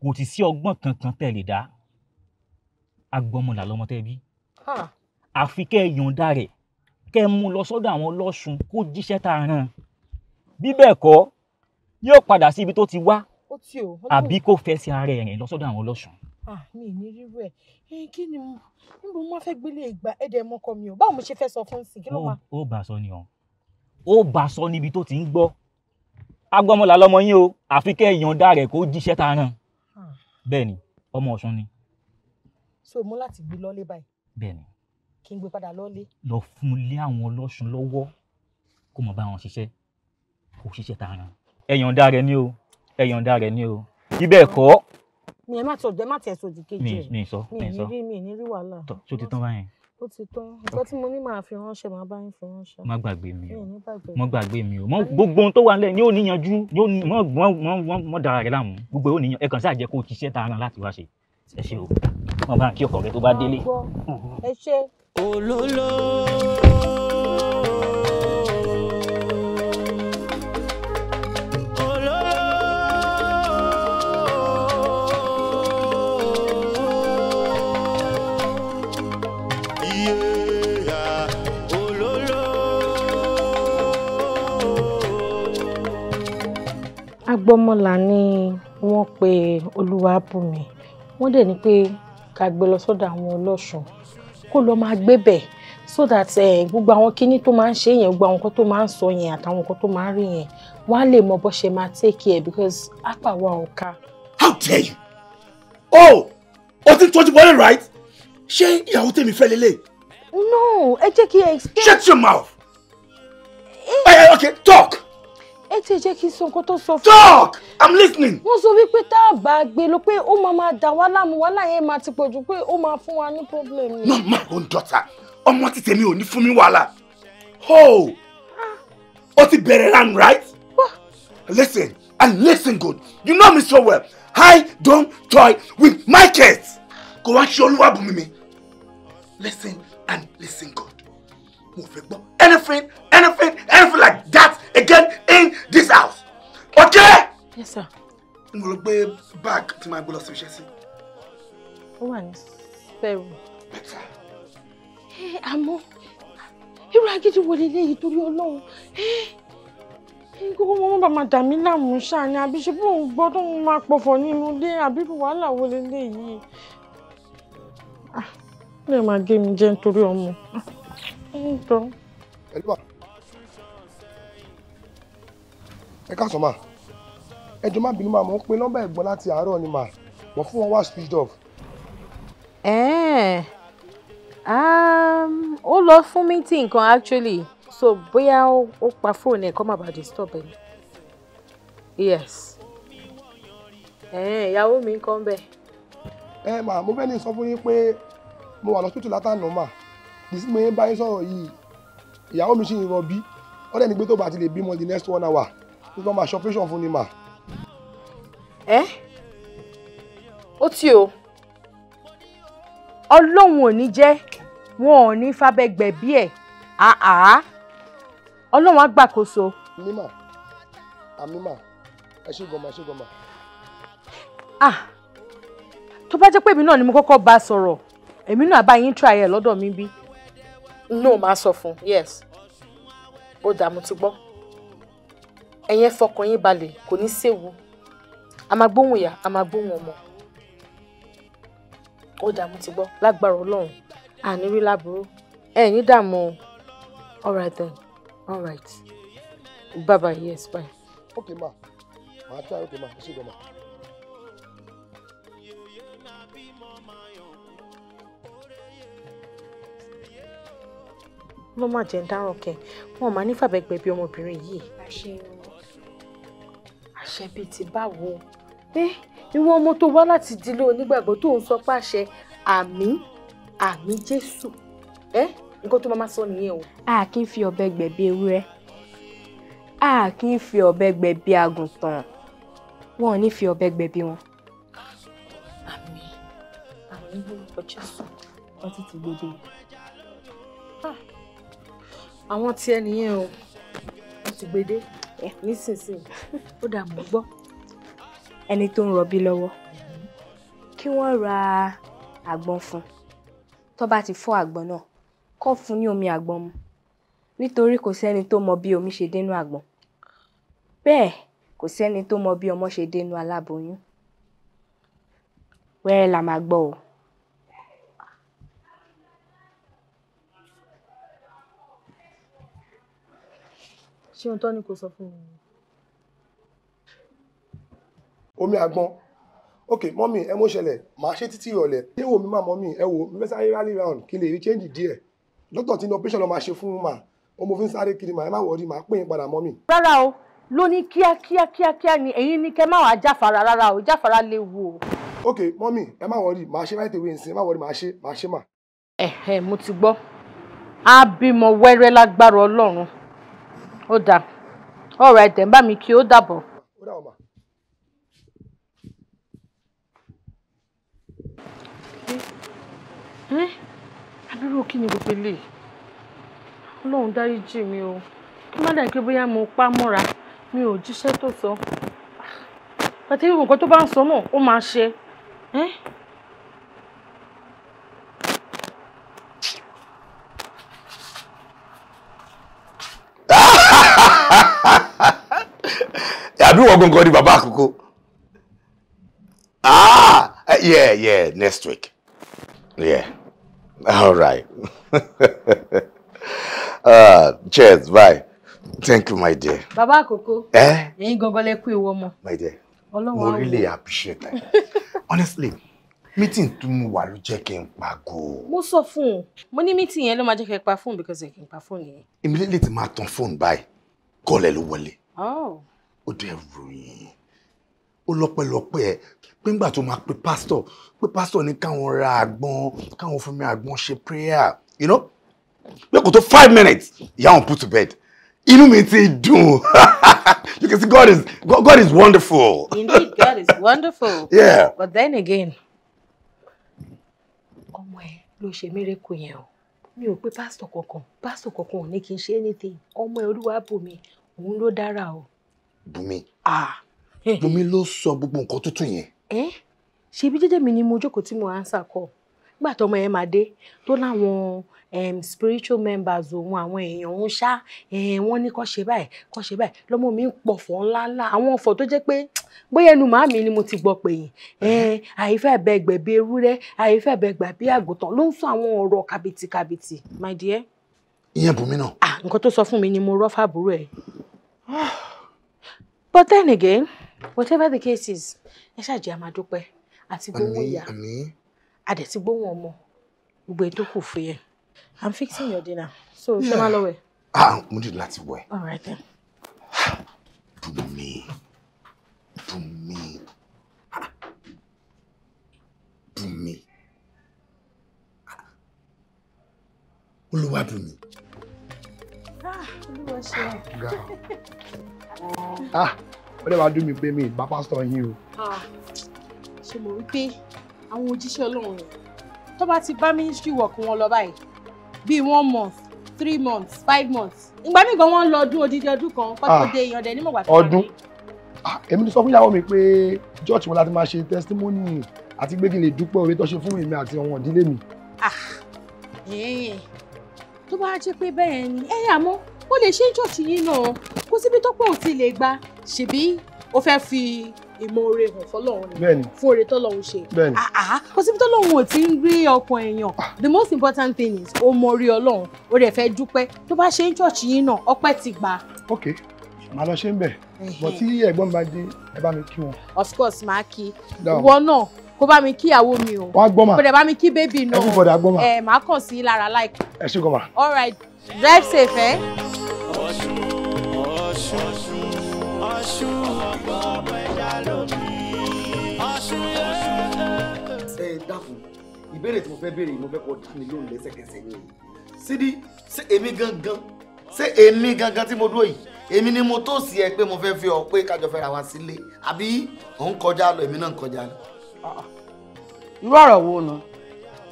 kò sì sí ọgbọ́n kankan tẹ̀ lè dá agbọ́mọlà lọmọ tẹ́ bí àfi kẹ́ ẹ yọ̀ǹda rẹ̀ kẹ́ ẹ mú lọ sọ́dọ̀ àwọn lọ́sùn kó jíṣẹ́ tá a rán bí bẹ́ẹ̀ kọ́ yóò padà sí ibi tó ti wá àbí kó fẹsẹ̀ ara ẹ̀ rìn lọ sọ́dọ̀ àwọn lọ́sùn. Ah, mi ì ní rírú ẹ̀. Ẹ kí ni mo níbo mo fẹ́ gbélé ìgbà ẹ̀dẹ̀ mọ́kọ mi o? Báwo mo ṣe fẹ́ sọ fún sí? Kí ló máa? Ó bà sọ ni o. Ó bà sọ níbi tó ti ń gbọ́. Agbọ́mọlà lọmọ yín o, àfi kẹ́ ìyọ̀ǹda rẹ̀ kó jíṣẹ́ ta ràn. Ah. Bẹ́ẹ̀ni, ọmọ Ọ̀ṣun ni. So mo láti gbé lọ́lé báyìí. Bẹ́ẹ̀ni. Kí n gbé padà lọ́lé. Lọ fún ilé àwọn ọlọ́ṣun lọ́wọ́ kó mọ̀ bá wọn ṣiṣẹ́ kó ṣiṣẹ́ ta ràn. Ẹ̀yọ̀ǹda rẹ̀ ni o, ẹ̀yọ̀ǹda rẹ̀ ni o. Ibẹ̀ kọ́ mi ẹ má sọ jẹ má tiẹ̀ sọ di kejì ẹ mi sọ mi sọ mi ní rí mi ní rí wàhálà. tọ tó ti tán báyẹn. ó ti tán nǹkan tí mo ní màá fi ránṣẹ́ màá bá yín fi ránṣẹ́. má gbàgbé mi o má gbàgbé mi o gbogbo ohun tó wà lẹ́yìn yóò níyanjú yóò ní mọ mọ mọ mọ dára rẹ láàmú gbogbo yóò níyan ẹ kàn sáà jẹ kó o ti ṣe tààrà láti wá ṣe ẹ ṣe o wọn bá kí ọkọ rẹ tó bá délé. ẹ ṣe. olólò. agbọ́mọlà ni wọ́n pe olúwàbùnmi wọ́n dẹ̀ ní pé ká gbé lọ sọ́dọ̀ àwọn ọlọ́ṣun kó lọ máa gbébẹ̀ so that gbogbo àwọn kinní tó máa ń ṣe yẹn gbogbo àwọn nǹkan tó máa ń sọ yẹn àtàwọn nǹkan tó máa ń rí yẹn wọ́n á lè mọ bó ṣe máa take care because apá wa ò ká. how dare you oh o ti tọ́jú wọlé right ṣé ìyàwó tèmi fẹ́ lélẹ̀. no ẹ jẹ́ kí ẹ explain. shut your mouth. Eh. ẹ ẹ ok talk ẹ ti jẹ́ kí n sọ nǹkan tó sọ fún talk i'm listening. wọ́n sọ wípé tá a bá gbé lọ pé ó máa máa dà wá láàmú wàhálà yẹn máa ti pọ̀ jù pé ó máa fún wa ní problem. not my own daughter ọmọ ti tèmi ò ní fún mi wàhálà oh ó ti bẹ̀rẹ̀ ran right listen and listen good you know me so well i don't toy with my kids kò wá ṣe olúwàbùnmi mi listen and listen good mo fẹ́ gbọ́ anything anything anything like that again in this house okay. yes sir. n kò to gbé bag tí màá gbé lọ sí iṣẹ́ sí. ó wà ní sẹ́rù. bẹ́tà. ẹ àmọ́ irú agídí wo leléyìí torí ọlọ́run gbogbo wọn bá máa dà mí láàmú ṣáà ni àbí ṣe bóun you know ń máa pọ̀fọ̀ nínú ilé àbí wàhálà wo leléyìí lè ah, máa gé mi jẹ́ nítorí ọmọ. pẹ̀lú ah, àwọn. ẹ káàsán mà ẹ jọ̀ọ́ má bínú mà mo ń pe nọ́mbà láti àárọ̀ ni mà mo fún wọn wá switched off. ẹ̀ẹ́n um, ó lọ fún meeting kan actually so bóyá ó pa fóònù ẹ̀ kó má bàa disturb ẹ̀ yes ẹ̀ẹ́n ìyàwó mi ń kọ́ ń bẹ̀. ẹ mà mo fẹ́ ní sọ fún yín pé mo wà lọ́sítútù látànà mà bísí mi bá yín sọ̀rọ̀ yìí ìyàwó mi ṣì ń rọbí ọ̀rẹ́ mi gbé tó bá ti lè bímọ the next one hour nígbà máa ṣe operation fún ni mà. ẹ ó tí o ọlọ́run ò ní jẹ́ wọn ò ní fábẹ́gbẹ̀ bí ẹ̀ àá ọlọ́run á gbàkóso. mímà àmímà ẹ ṣe gọmà ẹ ṣe gọmà. ah tó bá jẹ́ pé èmi náà ni mo kọ́kọ́ bá sọ̀rọ̀ èmi náà bá yín try ẹ̀ lọ́dọ̀ mi bí. no máa sọ fún yes ó dààmú ti gbọ́ ẹ̀yin ẹ fọkàn yín balẹ̀ kò ní séwu a máa gbóhùn ìyá a máa gbóhùn ọmọ ó dààmú ti gbọ́ lágbára ọlọ́run àní rí láburú ẹ̀yin dààmú o all right then all right bye bye yes bye. okay ma Ma tí a okay ma ṣe gbọ́ ma. ló má jẹ́ ń dáràn kẹ́ wọn ò máa ní fàbẹ́gbẹ́ bí ọmọbìnrin yìí. àṣeyọrí àṣẹ bíi ti báwo ẹ ìwọ ọmọ tó wá láti ìdílé onígbàgbọ́ tó ń sọ pé àṣẹ àmì àmì jésù ẹ nǹkan tó máa sọ nìyẹn o. a kì í fi ọ̀bẹ gbẹ̀bí ewúrẹ́ a kì í fi ọ̀bẹ gbẹ̀bí àgùntàn wọn ò ní fi ọ̀bẹ gbẹ̀bí wọn. àmì àmì lórúkọ jésù wọn ti ti gbogbo. Ah, àwọn tiẹ̀ nìyẹn o wọ́n ti gbede nísinsìnyí ó dà mọ́ gbọ́ ẹni tó ń rọbí lọ́wọ́ kí wọ́n ra àgbọn fún tó bá ti fọ́ àgbọn náà kó fún ní omi àgbọn mu nítorí kò sẹ́ni tó mọ bí omi ṣe dénú àgbọn bẹ́ẹ̀ kò sẹ́ni tó mọ bí ọmọ ṣe dénú aláboyún wẹ́rẹ́ la máa gbọ́ o. ṣé ohun tó ní kò sọ fún mi. omi àgbọn ok mọ́mì ẹ mú ṣẹlẹ̀ màá ṣe títí ìrọ̀lẹ́ ṣé wo mi máa mọ́mì ẹ wo mi fẹ́ sáré rally round kí n lè rí change díẹ̀ dókítà tí ní operation lọ máa ṣe fún mà ó mo fi ń sáré kiri màá má wọrí màá pè é padà mọ́mì. rárá o ló kíákíá kíákíá ni èyí ní kẹ́ má wàá jáfara rárá o jáfara léwu o. ok mọ́mì ẹ má wọrí màá ṣe right away nsìn ẹ má wọrí màá ṣe màá ṣe mà. ẹ̀hẹ̀ mo ti gbọ́ á wẹ́rẹ́ lágbára Ọlọ́run oda dáa all right then bá mi kí ó dàbọ̀. mi o kí má dàgbé bóyá mo pa mọ́ra mi ò jíṣẹ́ tó sọ pàtẹ́wé gangan ni bàbá àkókò ah yeah yeah next week yeah all right uh, cheers bye thank you my dear. bàbá àkókò eh? ẹ̀yin gangan lẹ kú ewu ọmọ. my dear mo really appreciate that honestly meeting tún mú wà ló jẹ́ kí n pa go. mo sọ fún mo ní meeting yẹn ló máa jẹ́ kí n pa fóònù because ẹ̀ kí n pa fóònù yẹn. immediately ti máa tan fóònù báyìí kọ́ọ̀lẹ̀ ló wọlé. oh ó dẹ̀ ròyìn ó lọ́pẹ́lọpẹ́ pé ńgbà tó máa pe pásítọ̀ pé pásítọ̀ ní káwọn ra àgbọn káwọn fún mi àgbọn ṣe prayer you know pé kò tó five minutes ìyá wọn put to bed inú mi ti dùn you can see God is God, God is wonderful. indeed God is wonderful. yeah. but then again ọmọ ẹ ló ṣe mírèkù yẹn o mi ò pé pásítọ̀ kankan pásítọ̀ kankan ò ní kí n ṣe anything ọmọ ẹ olúwa bò mí òun ló dára o Bùnmi. Ah. Bùnmi ló sọ gbogbo nǹkan tuntun yẹn. Eh? Ṣebí jẹ́jẹ́ mi ni mo jókòó tí mo answer call. Nígbà tọmọ yẹn máa dé tó láwọn um, spiritual members òun àwọn èèyàn ń ṣá wọn ní kọ́ ṣe báyìí kọ́ ṣe báyìí lọ́mọ mi ń pọ̀fọ̀ ńláńlá àwọn ọ̀fọ̀ tó jẹ́ pé bóyá ẹnu màámi ni mo ti gbọ́ pé yìí àyífẹ́ ẹ̀bẹ̀ ẹgbẹ̀ bíi ewúrẹ́ àyífẹ́ ẹ̀bẹ̀ ẹgbà bíi àgùntàn ló ń sọ àwọn ọ̀rọ̀ kàbìtì kàbìtì my dear. ìyẹn bùnmi náà. nǹkan tó sọ fún mi ni mo rọ́ fàbúrò ẹ̀. Ah. But then again, whatever the case is, ẹ ṣáàjì a máa dúpẹ́ àti gbóhùn ìyá. A dẹ̀ ti gbóhùn ọmọ. Gbogbo ètò kù fun yẹn. I'm fixing your dinner. So, ṣe máa lọ wẹ̀. Ah, mo dìde láti wẹ̀. All right then. Dùn mí. Dùn mí. Dùn mí. Olúwa dùn mí. Ah, Olúwa ṣe ah ó lè wá dùn mí pé mi ìbá pásítọ̀ yín o. Ah, ṣe mọ̀ wípé àwọn òjíṣẹ́ ọlọ́run rẹ̀ tó bá ti bá ministry work wọn lọ báyìí bíi one month three months five months ìgbà míì gan wọn lọ ọdún odidi ọdún kan pátó ah, dé èèyàn dẹ̀ nímọ̀ wà tó ọdún ah, èmi ti sọ fún ìyàwó mi pé church wọn láti máa ṣe testimony àti pé kí n lè dúpẹ́ oore tó ṣe fún èmi àti ọmọ ìdílé mi. tó bá jẹ́ pé bẹ́ẹ̀ ni ẹ̀yà mọ́ ó lè ṣe church yìí náà kò síbi tó pọ̀ ò ti lè gba ṣèbí o fẹ́ fi ìmọ̀ oore hàn fọlọ́run fún oore tọ́lọ́run ṣe kò síbi tọ́lọ́run ò ti ń rí ọkàn èèyàn ah. the most important thing is o mọ orí ọlọ́run o rẹ̀ fẹ́ dúpẹ́ tó bá ṣe ń ṣọ̀ọ̀ṣì yín náà ọpẹ́ ti gbà. ok màá lọ ṣe ń bẹ̀ bọ̀ tí ẹ̀gbọ́n mi bá dé ẹ bá mi kí wọn. of course màá kí ìwọ náà kó bá mi kí ìyàwó mi o wọ́n á gbọ́mà kó dẹ̀ bá mi kí bébì náà everybody á gbọ́mà ẹ̀ máa kàn sí lára láìpẹ́. ẹ ṣe gbọ́mà. all right drive safe Eh? ọ̀ṣun ọ̀ṣun gbogbo ẹ̀dá lómi ọ̀ṣun yẹn. ẹ dákun ìbéèrè tí mo fẹ́ béèrè mo fẹ́ kọ́ dá mi lóhùn lẹ́sẹ̀kẹsẹ̀ ni èyí sídi ṣé èmi gangan ṣé èmi gangan tí mo dúró yìí èmi ni mo tó sí ẹ pé mo fẹ́ fi ọ pé kájọ fẹ́ra wa sílé àbí ò ń kọjá lọ èmi náà ń kọjá lọ. Ah, irú ọ̀rọ̀ wo nu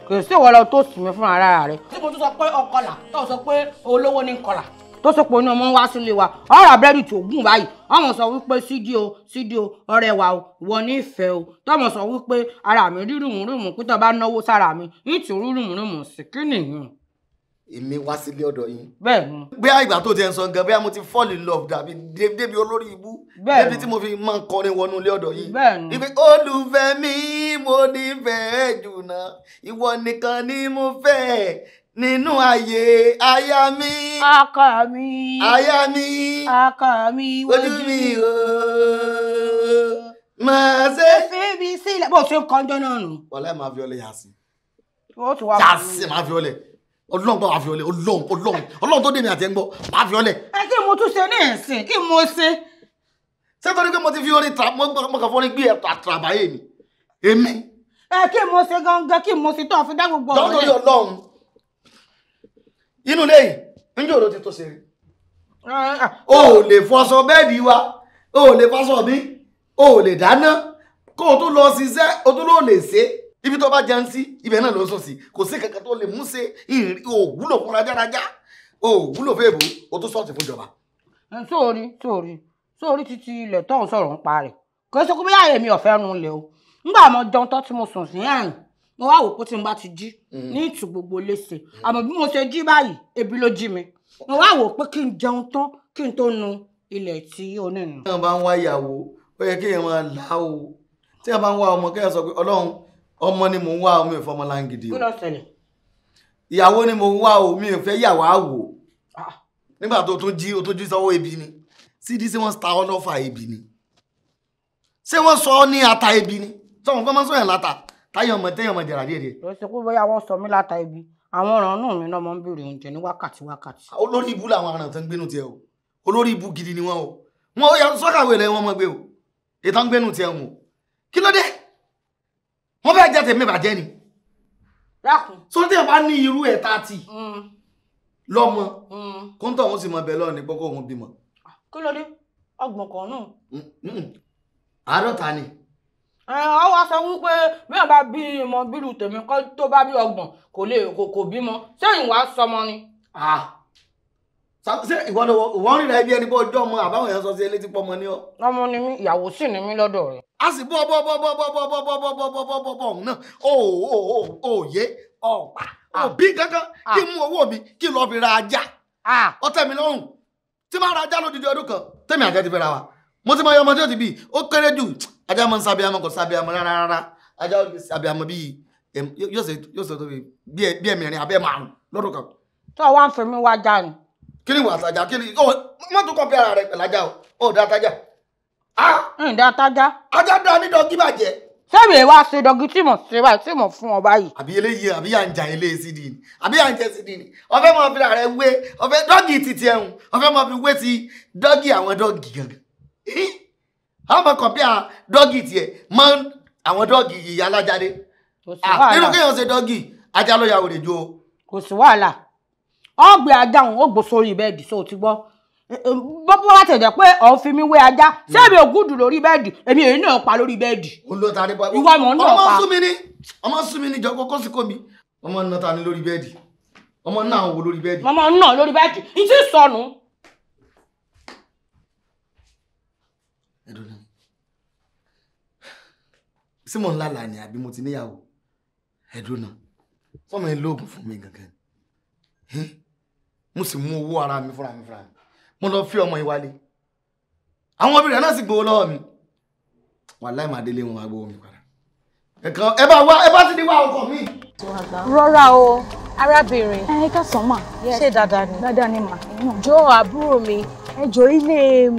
kò sí ìwọ lọ tó sùn mí fún ara rẹ. tí mo tún sọ pé ọkọlà tó sọ pé olówó ní kọlà tó sọ pé oní ọmọ ń wá sílé wa ọ̀rọ̀ abẹ́rẹ́ tó gùn báyìí ọmọ sọ wípé sídìí o sídìí o ọ̀rẹ́ wa o wọ nífẹ̀ẹ́ o tọmọ sọ wípé ara mi rí rùmùrùmù pété bá náwó sára mi nítorí rùmùrùmù sí kí nìyẹn. èmi wá sílé ọ̀dọ̀ yín. bẹ́ẹ̀ ni. bóyá ìgbà tó ti ẹ̀ sọ nǹkan bóyá mo ti fall in love dàbí débi olórí ibú débi tí mo fi máa ń kọrin wọnú ilé ọ̀dọ̀ yín. bẹ́ẹ̀ ni. ìpè olùfẹ́ mi mo nífẹ̀ẹ́ jù náà ìwọ nìkan ni mo fẹ́ nínú ayé aya mi. ọkọ mi. aya mi. ọkọ mi wojú mi o. máa ṣe. fi mi sílẹ̀ bó o ṣe ń kọjọ́ náà nù. wàláì máa fi ọlẹ̀ yà sí. o tún wá fún mi. yà sí máa fi ọlẹ̀ ọlọ́run bá wà fi ọlẹ̀ ọlọ́run ọlọ́run ọlọ́run tó dé mi àti ẹ̀ ń gbọ́ máa fi ọlẹ̀. ẹ kí mo tún ṣe ní ẹ̀sìn kí mo ṣe. ṣé torí pé mo ti fi orin tra mo kàn fọ́nrin gbé ẹ̀ta àtàbáyé mi èmi. ẹ kí mo ṣe gangan kí mo ṣe tó àfi dá gbogbo ọ̀rẹ́. dọ́dọ̀ inú ilé yìí níjẹ́ òdo ti tó ṣe rí o ò lè fọṣọ bẹ́ẹ̀dì wa o ò lè fọṣọ mi o ò lè dáná kó o tó lọ ṣiṣẹ́ o tó lọ lè ṣe ibi tó bá jẹun sí ibẹ̀ náà ló sùn sí kò sí kankan tó lè mú ṣe òwúlò fún rajaraja òwúlò fún o tó sọ̀tì fún ìjọba. sóòrí sóòrí sóòrí títí ilẹ̀ tó ń sọ̀rọ̀ ń pa rẹ̀ kò sí kó bí ààyè mi ọ̀fẹ́ nu ilẹ̀ o ńgbà mo jẹun tó tí mo sùn sí àyìn mo wá wò pé tí mo bá ti jí mm. ní ìtù gbogbo léṣe mm. àmọ́ bí mo ṣe jí báyìí ebi ló jí mi mo wá wò pé kí n jẹun tán kí n tó nu ilẹ̀ tí onínú. tí wọn bá ń wá ìyàwó ó yẹ kí èèyàn máa là á o tí wọn bá ń wá ọmọ kẹ́yà sọ pé ọlọ́run ọmọ ni mò ń wá omi ìfọmọ láǹgìdì o ìyàwó ni mò ń wá omi ìfẹ́ yàwó àwò ah. nígbà tó tún jí o tó jí sọ́wọ́ ebi ni sídi sí wọ́n ta ọ lọ́fà ebi ni ṣé wọ́n sọ ọ ní ata ebi ni sọ wọn fẹ́ máa sọ yẹn láta táyọ̀ ọmọ téyọ̀ ọmọ jẹ̀rà díẹ̀ díẹ̀. ó ṣe pé bóyá wọ́n sọ mí láta ibi àwọn ọ̀ràn náà mi náà mọ̀ ń béèrè oúnjẹ ní wákàtí wákàtí. olórí ibú làwọn aràn tó ń gbénu tiẹ̀ o olórí ibú gidi ni wọ́n o wọn ó yàtọ̀ sọ́kàwé rẹ̀ wọ́n mọ̀ gbé o ìtàn gbénu tiẹ̀ wọn o kí ló dé wọ́n bẹ́ẹ̀ jẹ́ tèmi bàjẹ́ ni. dákun. sọ́tẹ̀ bá ní irú ẹ̀ tá a ti hmm. lọ́mọ hmm. kóńtà òun sì mọ bẹ́ẹ̀ lọ́ọ̀ ní gbọ́kọ̀ òun bímọ. Ah, kí ló dé ọgbọ̀n kan náà. Hmm, àádọ́ta ni ọ wá sọ wípé bẹ́ẹ̀ bá bí ìmọ bílù tèmi kọ́ tó bá bí ọgbọ̀n kò lè kò kò bímọ sẹ́yìn wàá sọmọ ni. ṣé ìwọ ni wọ́n rìnrìn ẹbí ẹni bó ọjọ́ ọmọ àbáwọn èèyàn sọ sí elétí pọ́mọ ni ọ. ọmọ ni mí ìyàwó sì ni mí lọ́dọ̀ rẹ̀. a sì bọ́ bọ́ bọ́ bọ́ bọ́ bọ́ bọ́ bọ́ bọ́ bọ́ bọ́ bọ́ bọ́ ọ̀hún náà ó ó ó ó yé ọ̀pá òbí kankan kí mú owó mi kí lọ́ọ́ fi ra ajá ọtẹ mi lọ́rùn tí máa ra ajá lódìdí ọdún kan tẹ́mi àjẹ́ ti fẹ́ ra wa mo ti máa yọ ọmọ tí ó ti bì í ó kéré jù ajá mọ́ ń sábẹ́ àmọ́ kò sábẹ́ àmọ́ rárá rárá ajá ó sábẹ́ àmọ́ bíi yóò ṣe yóò ṣe tó bí e, bí ẹ̀mẹ̀rin e abẹ́ e márùn lọ́dún kan. tó o wá ń fẹ̀mí wá já ni. kí ni wàá sàjà kí ni ó má tún kọ́pẹ́ ara rẹ pẹ̀lú ajá o ó dá tájà. ń dá tájà. ajá dá ní dọ́gí bàjẹ́. sẹ́mi ẹ̀ wá ṣe dọ́gí tí mò ń ṣe báyìí tí mò ń fún ọ báyìí. àbí eléyìí àbí yà ń jà eléyìí sí di ni àbí yà ń jẹ sí di ni ọfẹ́ mọ fi rẹ̀ wé ọfẹ́ dọ́gì titi ẹ̀hún ọfẹ́ mọ fi wé ti dọ́gì àwọn dọ́gì gangan a máa kàn bí a dọ́gì tiẹ̀ mọ àwọn dọ́gì yìí alájáde nínú kéèyàn ṣe dọ́gì ajá ló ya òde jo. kò sí wàhálà ọgbẹ ajá òun ó gbó sórí bẹ́ẹ̀dì sóò ti gbọ́ eh, eh, bọ́bọ́ bá tẹ̀jẹ̀ pé ọ̀ fi mi wé ajá sẹ́mi hmm. ògùdù lórí bẹ́ẹ̀dì èmi èyí náà pa lórí bẹ́ẹ̀dì. olóòtú àdébọ̀ ìwọ mọ̀ náà pa ọmọ súnmi ni ọmọ súnmi ni jọ kókó sí kòmí ọmọ náà ta ni lórí bẹ́ẹ̀dì ọmọ náà wò lórí bẹ́ẹ̀dì. ọmọ náà lórí bẹ́ẹ̀dì ìtì sọnù sí mò ń lálàá ni àbí mo ti níyàwó ẹ̀dùn náà sọ́mọ ẹ̀ lóògùn fún mi gangan mo sì mú owó ara mi fúnra mi fúnra mi mo lọ fi ọmọ ìwálé àwọn obìnrin náà sì gbowó lọ́wọ́ mi wàláì máa délé wọn máa gbowó mi padà ẹ̀kan ẹ bá wá ẹ bá ti ní wá ọkọ mi. rọra o arábìnrin. ẹ ká sàn mà ṣé dáadáa ni. dáadáa ni mà. jọ àbúrò mi ẹ jọ ilé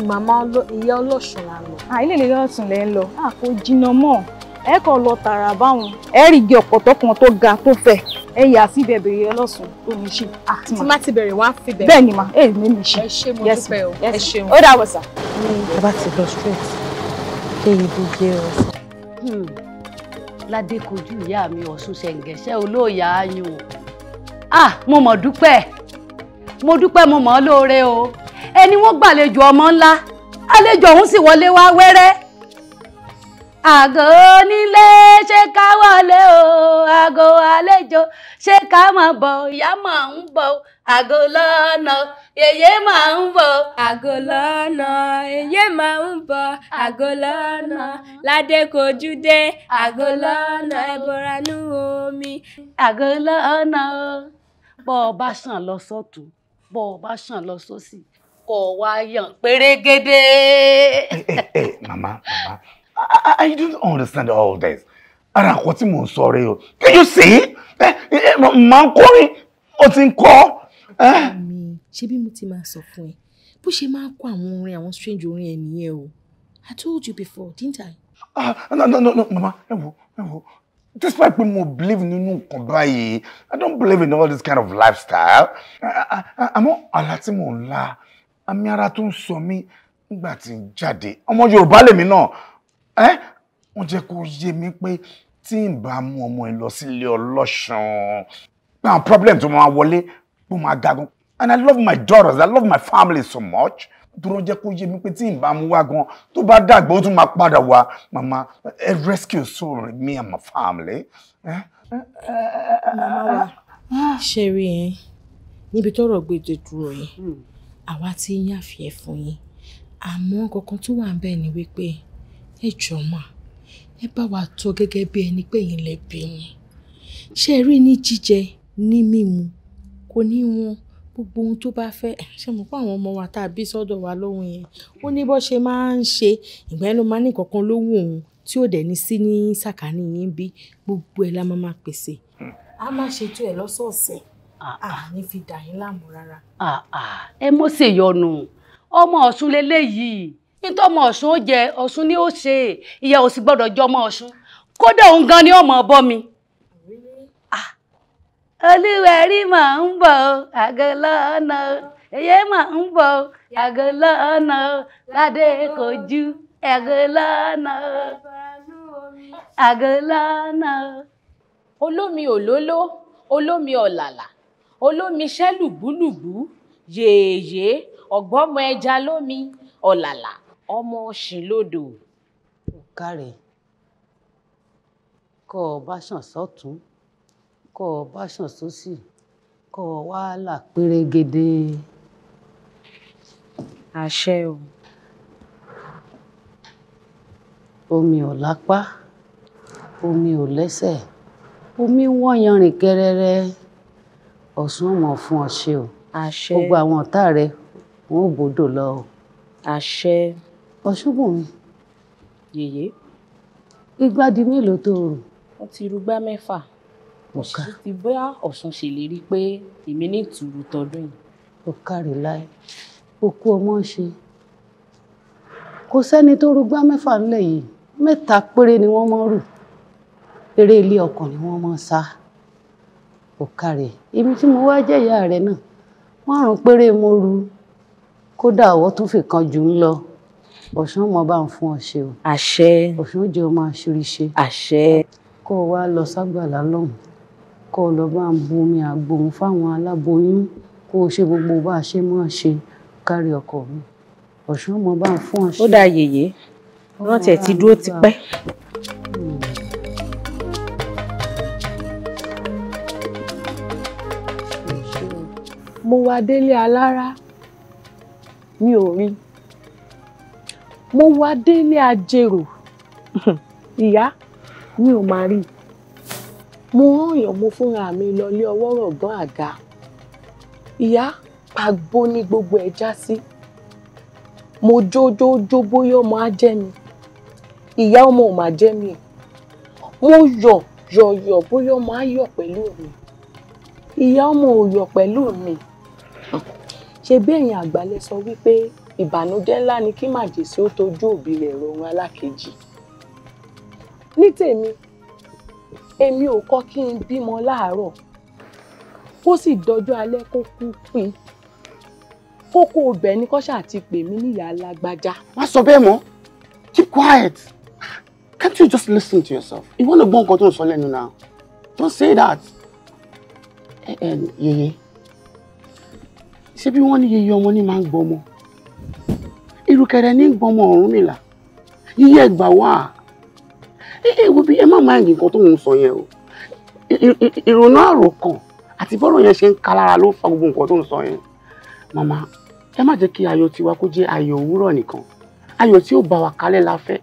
màmá ìyá ọlọ́sùn là ń lọ. ilé ìlú ọ̀tún lẹ́ ń lọ. a kò jìnnà mọ́ ẹ kàn lọ tààrà báwọn ẹ rí igi ọ̀pọ̀tọ́ kan tó ga tó fẹ̀ ẹ yà sí ibẹ̀ bèrè ọlọ́sùn tó ní ṣe. Ah, àti má ti bẹ̀rẹ̀ wá fi bẹ̀rẹ̀. bẹ́ẹ̀ ni ma ẹ mi mi ṣe. ẹ ṣe mo dúpẹ́ o ẹ ṣeun. ó dà wọ̀sà. bàbá ti lọ straight dé ibi jẹ ọsàn. Hmm. ládé kojú ìyá mi ọ̀sùn ṣẹ̀ǹgẹ̀ṣẹ́ olóòyà ayùn ah mo mọ̀ dúpẹ́ mo dúpẹ́ mo mọ̀ ọ́ lóore o ẹni wọ́n gbàlejò ọmọ ńlá àlejò ọ̀hún sì wọlé àgọ́ onílé ṣé ká wọlé o àgọ́ àlejò ṣé ká mọ̀ bọ̀ ìyá mà ń bọ̀ àgọ́ lọ́nà yèyé mà ń bọ̀. àgọ́ lọ́nà yèyé mà ń bọ̀ àgọ́ lọ́nà ládé kojú dé àgọ́ lọ́nà ẹ̀bọ̀ra nú omi. àgọ́ lọ́nà bọ́ ọ bá ṣàn lọ sọ́tún bọ́ ọ bá ṣàn lọ sósì kọ̀ wá yàn pérégedé. màmá màmá I, I don't understand all this. Ara nǹkan tí mò ń sọ o. Can you see? Màá ń kọrin, ó ti ń kọ́. Ṣé bí mo ti máa sọ fún ẹ? Bó ṣe máa ń kọ àwọn orin àwọn strange orin ẹ nìyẹn o. I told you before, didn't I? Ah, no, no, no, no, mama, ẹ wo, ẹ wo. Despite pé mo believe nínú nǹkan báyìí, I don't believe in all this kind of lifestyle. Àmọ́ àlá tí mò ń lá, àmì ara tó ń sọ mí nígbà tí n jáde. Ọmọ Yorùbá lèmi náà ẹ́ wọ́n jẹ́ kó yé mi pé tí n bá mú ọmọ ẹ lọ sí ilé ọlọ́ṣàn pé àwọn problem tó máa wọlé ló máa gagun and I love my daughters I love my family so much dúró jẹ́ kó yé mi pé tí n bá mú wá gan tó bá dàgbà ó tún máa padà wá mama ẹ rescue soul me and my family. màmá ẹ níbi tọ́rọ̀ gbé dúró yìí hmm. àwa ti ń yàfẹ́ fún yín àmọ́ kankan tó wà ń bẹ̀ ni wípé ẹ jọ̀ọ́ mà ẹ bá wa tó gẹ́gẹ́ bí ẹni pé yín lẹ bí ni ṣe rí ní jíjẹ ní mímu kò ní wọn gbogbo ohun tó bá fẹ́ ṣe mọ̀ pé àwọn ọmọ wa tá a bí sọ́dọ̀ wa lóhun yẹn ó ní bó ṣe máa ń ṣe ìgbà yẹn ló máa ní kankan lówó òun tí ò dẹ̀ ní sí ní sàkání yín bí gbogbo ẹ̀ la máa máa pèsè a máa ṣètò ẹ̀ lọ́sọ̀ọ̀sẹ̀ ah, ah. a ní fi dà yín láàmú rárá. Ah, ẹ mọ́ ṣèyọnu ọmọ ọ̀sùn lélẹ́yìí nítorí ọmọ ọ̀ṣun ó jẹ ọ̀ṣun ni ó ṣe ìyá ò sì gbọ́dọ̀ jọ ọmọ ọ̀ṣun kódà òun gan ni ọmọ ọbọ mi. Ah, olúwẹ̀rí mà ń bọ̀ àgọ́ lọ́nà èyí mà ń bọ̀ àgọ́ lọ́nà ládé kojú àgọ́ lọ́nà àgọ́ lọ́nà. olómi òlóló olómi ọ̀làlà olómi iṣẹ́ lùgbúlùgbú yèèyé ọ̀gbọ́mọ ẹja lómi ọ̀làlà ọmọ ṣìlódò kárẹ̀ kọ́ ọ bá ṣàn sọ́tún kọ́ ọ bá ṣàn sósì kọ́ ọ wá là pérégede. àṣẹ o. omi ò lápá omi ò lẹ́sẹ̀ omi wọ́n yanrìn kẹrẹrẹ ọ̀sùn ọmọ fún ọ ṣe o. àṣẹ gbogbo àwọn ọ̀tá rẹ wọn ò bòdò lọ o. àṣẹ ọ̀ṣùbùnmi yèyé igbá di mélòó tó o rò. wọ́n ti rúgbá mẹ́fà ọ̀ka ti bá ọ̀sùn ṣèlérí pé èmi ní ìtùrù tọdún yìí. ọ̀ka rè láì òkú ọmọ ṣe kò sẹ́ni tó rúgbá mẹ́fà ńlẹ̀ yìí mẹ́ta péré ni wọ́n mọ́ rù eré ilé ọkàn ni wọ́n mọ́ sá ọ̀ka rè èmi tí mo wá jẹ́ ìyá rẹ̀ náà márùn-ún péré mo rù kódà ọwọ́ tún fi kan jù ú lọ ọ̀ṣun mọ̀ bá ń fún ọ ṣe o. àṣẹ. ọ̀ṣun jẹ́ ọmọ àṣoríṣe. àṣẹ. kó o wá lọ ságbàlá lọ́hùn kó o lọ bá ń bu omi àgbòhùn fáwọn aláboyún kó o ṣe gbogbo bá a ṣe máa ṣe kárí ọkọ mi ọ̀ṣun mọ̀ bá ń fún ọ ṣe. ó dà yèyé wọn tiẹ̀ ti dúró tipẹ́. mo wá délé alára mi ò rí i mo wá délé ajérò ìyá mi ò máa rí mo rànyàn mo fúnra mi lọlé ọwọ́ rọ̀gbọ́n àga ìyá pàgbó ní gbogbo ẹ̀ já sí mo jójójó bóyá ọmọ á jẹ́ mi ìyá ọmọ ò máa jẹ́ mi mo yọ̀ yọ̀yọ̀ bóyá ọmọ á yọ̀ pẹ̀lú mi ìyá ọmọ ò yọ̀ pẹ̀lú mi ṣe bí ẹ̀yin àgbà lẹ sọ wípé ìbànújẹ́ ńlá ni kí màjèṣí ó tọ́jú òbí rẹ̀ rọrùn alákejì ní tèmi èmi ò kọ́ kí n bímọ láàárọ̀ kó sì dọjọ́ alẹ́ kó kú pin kókó ibẹ̀ ni kọ́ṣà ti pè mí níyà alágbájá. má sọ bẹ́ẹ̀ mọ́ keep quiet can't you just listen to yourself ìwọ ló gbọ́ nǹkan tó ń sọ lẹ́nu náà don't say that. ẹ ẹ yèyé ṣé bí wọ́n ní yèyé ọmọ ní máa ń gbọ́ ọmọ ọ̀kẹ́rẹ́ ní gbọmọ Ọ̀rúnmìlà yíyẹ gbà wá ẹ wo bí ẹ má máa nǹkan tó ń sọ yẹn o ìrònú àròkàn àti bọ́rọ̀ yẹn ṣe ń ka lára ló fa gbogbo nǹkan tó ń sọ yẹn màmá ẹ má jẹ́ kí ayọ̀ tiwa kó jẹ́ ayọ̀ òwúrọ̀ nìkan ayọ̀ tí ó bá wa kalẹ̀ la fẹ́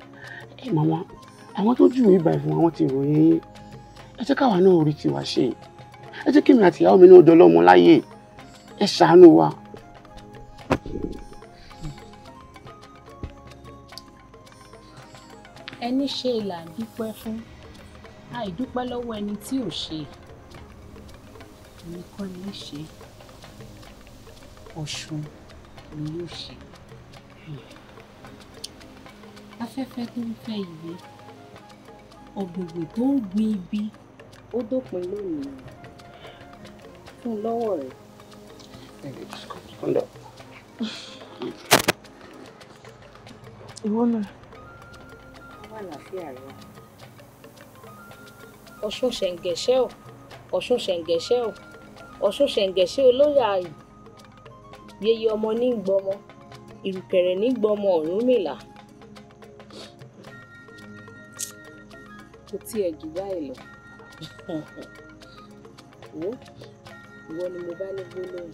ẹ màmá àwọn tó jù ìbà ìfún àwọn ti ròyìn yín ẹ jẹ́ káwa náà orí tiwa ṣe ẹ jẹ́ kí mi àtìyàwó mi náà dọlọ́mọ láyè ẹ ṣàánú wa. ẹni ṣe là ń dúpẹ́ fún àìdúpẹ́ lọ́wọ́ ẹni tí ò ṣe èmi kọ́ ni í ṣe ọ̀ṣun ni yóò ṣe afẹ́fẹ́ tó ń fẹ́ ìwé ọ̀gbìngbìn tó ń gbin ibi ó dópin lónìí fún lọ́wọ́ rẹ̀. ìwọ náà àlàáfíà rẹ wá. ọ̀ṣun ṣẹ̀ǹgẹ̀ṣẹ́ ò ọ̀ṣun ṣẹ̀ǹgẹ̀ṣẹ́ ò ọ̀ṣun ṣẹ̀ǹgẹ̀ṣẹ́ olóyè ààyè yeye ọmọ ní gbọmọ ìrùkẹ̀rẹ̀ ní gbọmọ Ọ̀rúnmìlà. kò tiẹ̀ jù báyìí lọ wo ìwọ ni mo bá ní gbólóhùn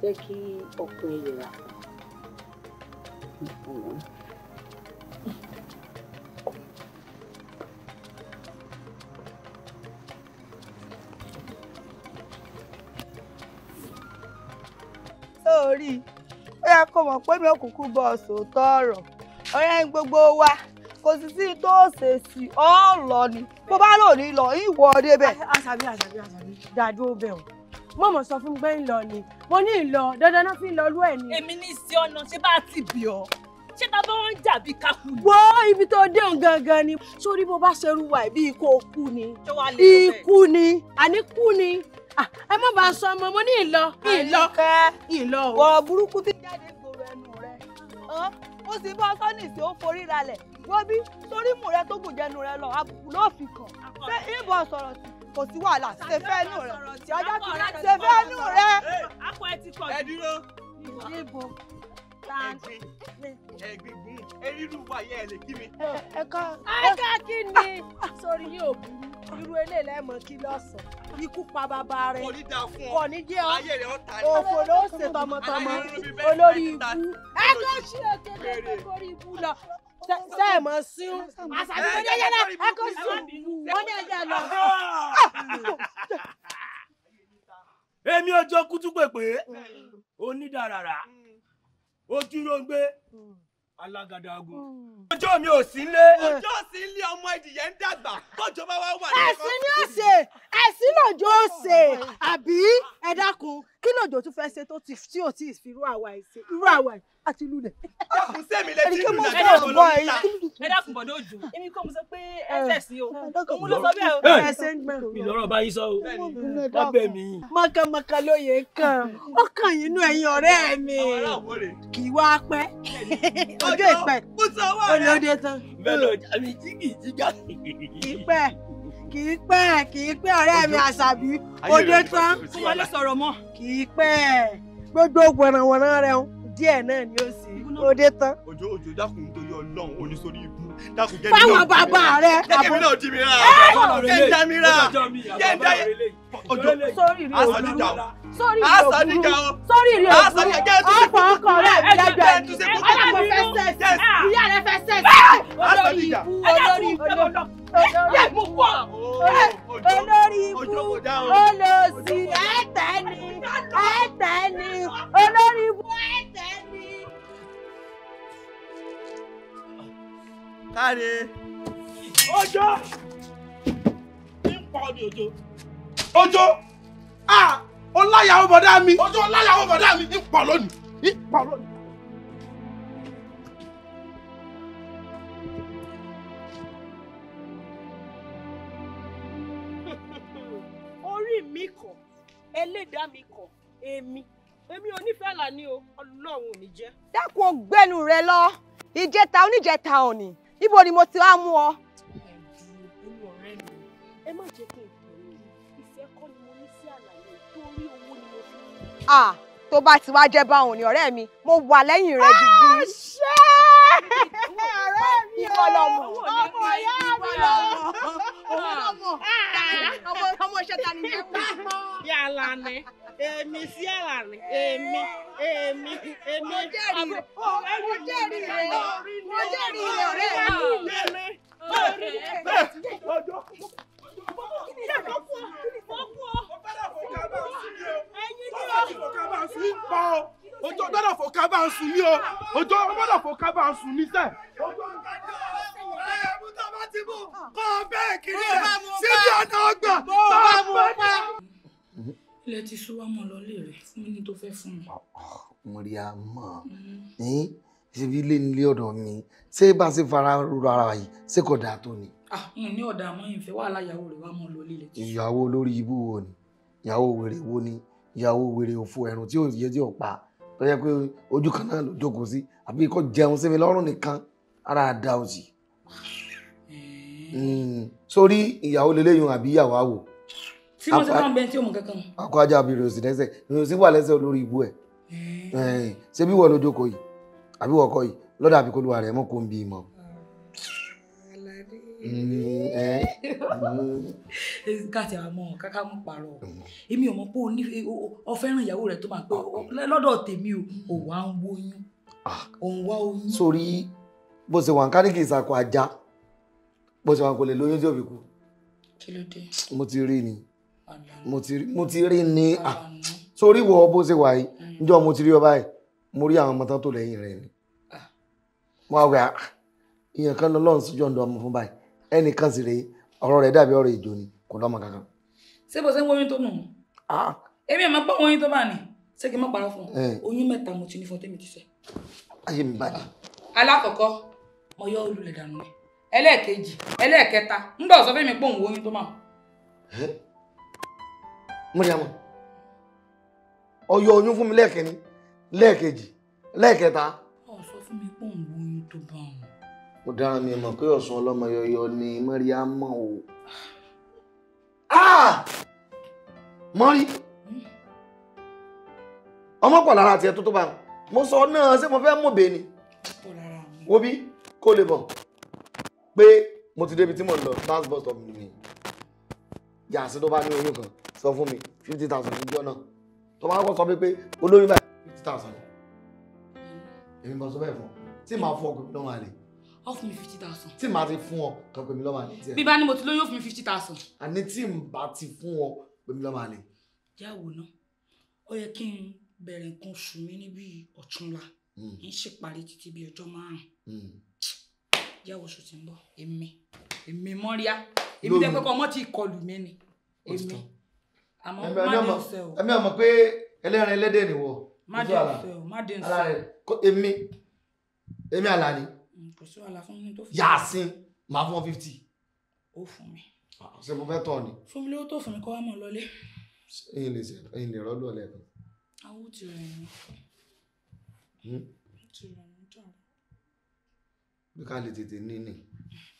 jẹ́ kí ọkùnrin rà. Mm-hmm. sórí ó yẹ kó mọ̀ pé mi ò kúkú bọ̀ sòótọ́ ọ̀rọ̀ ọ̀rẹ́ ń gbogbo wa kò sì sí tó ṣe sí ọ́ lọ ni bó bá lò ní lọ ìwọ débẹ̀. àṣàbí àṣàbí àṣàbí dájú ó bẹ̀ ọ́ mo mọ̀ sọ fún mi pé ń lọ ni mo ní ìlọ dandan náà fi ń lọ lú ẹ̀ ni. èmi ní sí ọ̀nà ṣé bá ti bì ọ́ ṣé tá a bá wọn jà bí kakú ni. wo ibi tó déhùn gangan ni sórí bó bá ṣerú wa bí ikú kú ni ikú ni àní kú ni Ah, ẹ mọ̀ bá a sọ ọmọ mo ní ìlọ ìlọ ìlọ o. wọ burúkú ti jáde gbòòrò ẹnu rẹ ó sì bọ́ sọ́nìsì ó forí ralẹ̀ wọ́bí sórí mú rẹ tó gùn jẹnu rẹ lọ àbùkù ló fi kàn ṣé ìbọn sọ̀rọ̀ sí kò sí wàhálà ṣe fẹ́ nù rẹ ṣe fẹ́ nù rẹ. ẹ dúró. ìbọn ẹ̀gbin ẹ̀gbin gún eríru ẹ lè kí mi. ẹ ká kí ni sórí yóò burú irú eléyìí lẹ́mọ̀ kí lọ́sàn ikú pa bàbá rẹ̀ kò ní jẹ́ ọ́ òfò ló ṣe tọmọtọmọ olórí ibú ẹ kọ́ sí òkè lórí ibú lọ sẹ́ẹ̀ mọ̀ sí ú àṣàbí tó yẹ yẹn ẹ sí òkú wọ́n ní ẹ̀jẹ̀ lọ. Ah! èmi ọjọ́ kútú pèpè mm. onídàrárà ojúrógbé alágàdàgùn. Hmm. ọjọ́ mi ò sí lé. Hmm. ọjọ́ sí ilé ọmọ ìdìyẹ ń dàgbà kọjọba wa wà. ẹ̀sìn ni ó ṣe ẹ̀sìn lòjó ṣe hmm. àbí ẹ dákun kí lòjó tún fẹ́ ṣe tó ti tí ò tí ì fi irú àwa ẹ̀ ṣe irú àwa ẹ̀ àti lulẹ̀. dákun sẹ́mi lẹ́tí ìlú ó kàn yín nú ẹ̀yin ọ̀rẹ́ mi kì í wá pẹ́ ọjọ́ ìpẹ́ olóde tán. kì í pẹ́ kì í pẹ́ kì í pẹ́ ọ̀rẹ́ mi àṣàbí òde tán. kí wọ́n lè sọ̀rọ̀ mọ́. kì í pẹ́ gbogbo wọ̀nàwọ̀nà rẹ̀ ń díẹ̀ náà ni ó sì ó dé tán. òjò òjò dákun nítorí Ọlọ́run oníṣòrí ibú fáwọn bàbá rẹ àbọ̀ ẹ jà mí rà ẹ jà ọjọ́ asàdìjà o asàdìjà o asàdìjà o ọkọ̀ ọkọ̀ rẹ ẹgbẹ̀gbẹ̀ ọlọ́mọ fẹ́ sẹ́ẹ̀sì ìyá rẹ fẹ́ sẹ́ẹ̀sì olórí ibú olórí ibú olórí ibú olóòsì ni ẹ̀tẹ̀ ni olórí ibú ẹ̀tẹ̀ ni. káre. ojo nípa ọdún ojo. ojo a ó láyàwó bọ̀dá mi. ojo ó láyàwó bọ̀dá mi nípa lónìí nípa lónìí. orí mi kọ ẹlẹ́dàá mi kọ èmi èmi onífẹ́ là ní o ọlọ́run ò ní jẹ́. dákun ọgbẹ́nu rẹ lọ ìjẹta oníjẹta òní ibo ni mo ti wá mú ọ. ẹ má jẹ́ mo ní sí ah, ti wá jẹ́ báwọn ni ọ̀rẹ́ mi mo wà lẹ́yìn rẹ ah! gidi ṣe ọ̀rẹ́ mi ọmọ ìyá mi ọmọ ah! ọmọ ọmọ iṣẹ́ ni yẹn pa. yàrá ni èmi sí yàrá ni èmi èmi èmi. mo jẹ́rìí rẹ̀ mo jẹ́rìí rẹ̀ mo jẹ́rìí rẹ̀ ọ̀rẹ́ mi. ọjọ́ ẹ̀yin ni o ojú gbọ́dọ̀ fò ká bá ń sùn ní o ojú gbọ́dọ̀ fò ká bá ń sùn ní sẹ́. kọ́ bẹ́ẹ̀ kiri ẹ̀ síbi ọ̀nà ọgbà bá a bá a. ilé ti sún wá mọ́ lọ lè rẹ̀ fún mi ní tó fẹ́ fún mi. mo rí a mọ̀ ṣebí ilé nílé ọ̀dọ̀ mi ṣé bá ṣe fara rora ara yìí ṣé kò dáa tó ni. Ah, n ní ọ̀dà àmọ́ ìfẹ́ wàhálà ìyàwó rẹ̀ wá mọ́ lọ lílẹ̀. ìyàwó olórí ibú wo ni ìyàwó wèrè wo ni ìyàwó wèrè òfo ẹ̀rùn tí ò yẹ tí ò pa tó yẹ pé ojú kan náà ló jókòó sí àbí kò jẹun sí mi lọ́rùn nìkan ara àdá òsì eh. hmm. sórí ìyàwó lélẹ́yìn àbí ìyàwó àwò. tí wọ́n ti máa ń bẹ tí òun kankan. akọ ajá abirò sí lẹ́sẹ̀ ìròyìn sí wà lẹ́sẹ̀ olórí ibú ẹ̀ eh. Eh, ṣé bí wọ́n ló jókòó yìí àbí wọ́n kọ́ yìí lọ́dà àbíkólúwa rẹ̀ mọ́ kó ń bí i mọ́. Mm-hmm. Eh? Mm-hmm. ká tẹ àmọ́ káká mú parọ́ mm-hmm. èmi ò mọ̀ pé o ní o fẹ́ràn ìyàwó rẹ̀ tó máa pé ah. lọ́dọ̀ tèmi o wà ń wóyún ah. o ń wá oyún. sórí bó ṣe wà ń kárí kì í sàkó ajá bó ṣe wà kò lè lóyún tí ò fi kú. kí ló dé. mo ti rí ni mo ti rí ni ah. sórí wọ bó ṣe wà yìí mm. níjọ́ mo ti rí ọ báyìí mo rí àwọn ọmọ tán tó lẹ́yìn rẹ̀ ni mo wá wẹ ìyẹn kan lọ́lọ́run síjọ́ ń dọ ọmọ fún báyìí. ẹnìkan sì rèé ọ̀rọ̀ rẹ̀ dàbí ìjò ni kò lọ́mọ kankan. ṣé bó ṣe ń tó nù. Ah. èmi ẹ̀ máa pọ̀ tó bá ní ṣé má fún un eh. oyún mẹ́ta mo ti ní fún tèmi ti ṣe. ayé mi alákọ̀ọ́kọ́ mo yọ olùlẹ̀ dànù mi ẹlẹ́ẹ̀kejì ẹlẹ́ẹ̀kẹta ń bọ̀ sọ fẹ́mi tó máa. Eh? yọ oyún fún mi lẹ́ẹ̀kẹ́ni lẹ́ẹ̀kejì lẹ́ẹ̀kẹta. sọ fún mi mo dára mi mọ̀ pé ọ̀sán ọlọ́mọ yọyọ ni mọ́ríámọ́ o ah! mọ́rí ọmọ pọ̀ lára tiẹ̀ tó tó bá mo sọ náà ṣé mo fẹ́ mọ̀ bẹ́ẹ̀ ni wo bí kó lè bọ̀ pé mo ti débi tí mo lọ last bus stop mi yàtí tó bá ní oyún kan sọ fún mi fifty thousand níjọ́ náà tó bá kọ́ sọ pé olóyún báyìí fifty thousand èmi bọ́ sọ bẹ́ẹ̀ fún tí màá fọ́ ọkùnrin náà wà lè ó fún mi fifty thousand. tí màá ti fún ọ kan pèmí lọ́mọ àlè tiẹ̀. bí bá ní mo ti lóyún ó fún mi fifty thousand. àní tí màá ti fún ọ pèmí lọ́mọ àlè. yàwó náà ó yẹ kí n bẹ̀rẹ̀ nǹkan oṣù mi ní bíi ọ̀túnla n hmm. ṣe parí títí bíi ọjọ́ márùn-ún hmm. yàwó oṣù tí ń bọ̀ èmi èmi mọ́ríà èmi tẹ́ pé kọ́ ọmọ ti kọlù mi ni èmi àmọ́ má dé ọ̀sẹ̀ o. ẹ̀mí ọmọ pé ẹlẹ́rìn ẹlẹ́dẹ̀ nìwọ. má dé ọ̀sẹ̀ o má dé èmi èmi àlàní sí wàhálà fún mi tó fi. yàásín máa fún ọ fifty. ó fún mi. Ah, ṣé mo fẹ́ tọ̀ ni. fún mi lówó tó fún mi kọ́ wá mọ̀ lọlé. ẹyin lè ṣe ẹyin lè rọ́lù ọ̀lẹ́ kan. awo ti rẹ̀ mí. Hmm? ti rẹ̀ mí jọ̀rọ̀. bí ká lè tètè ní ni.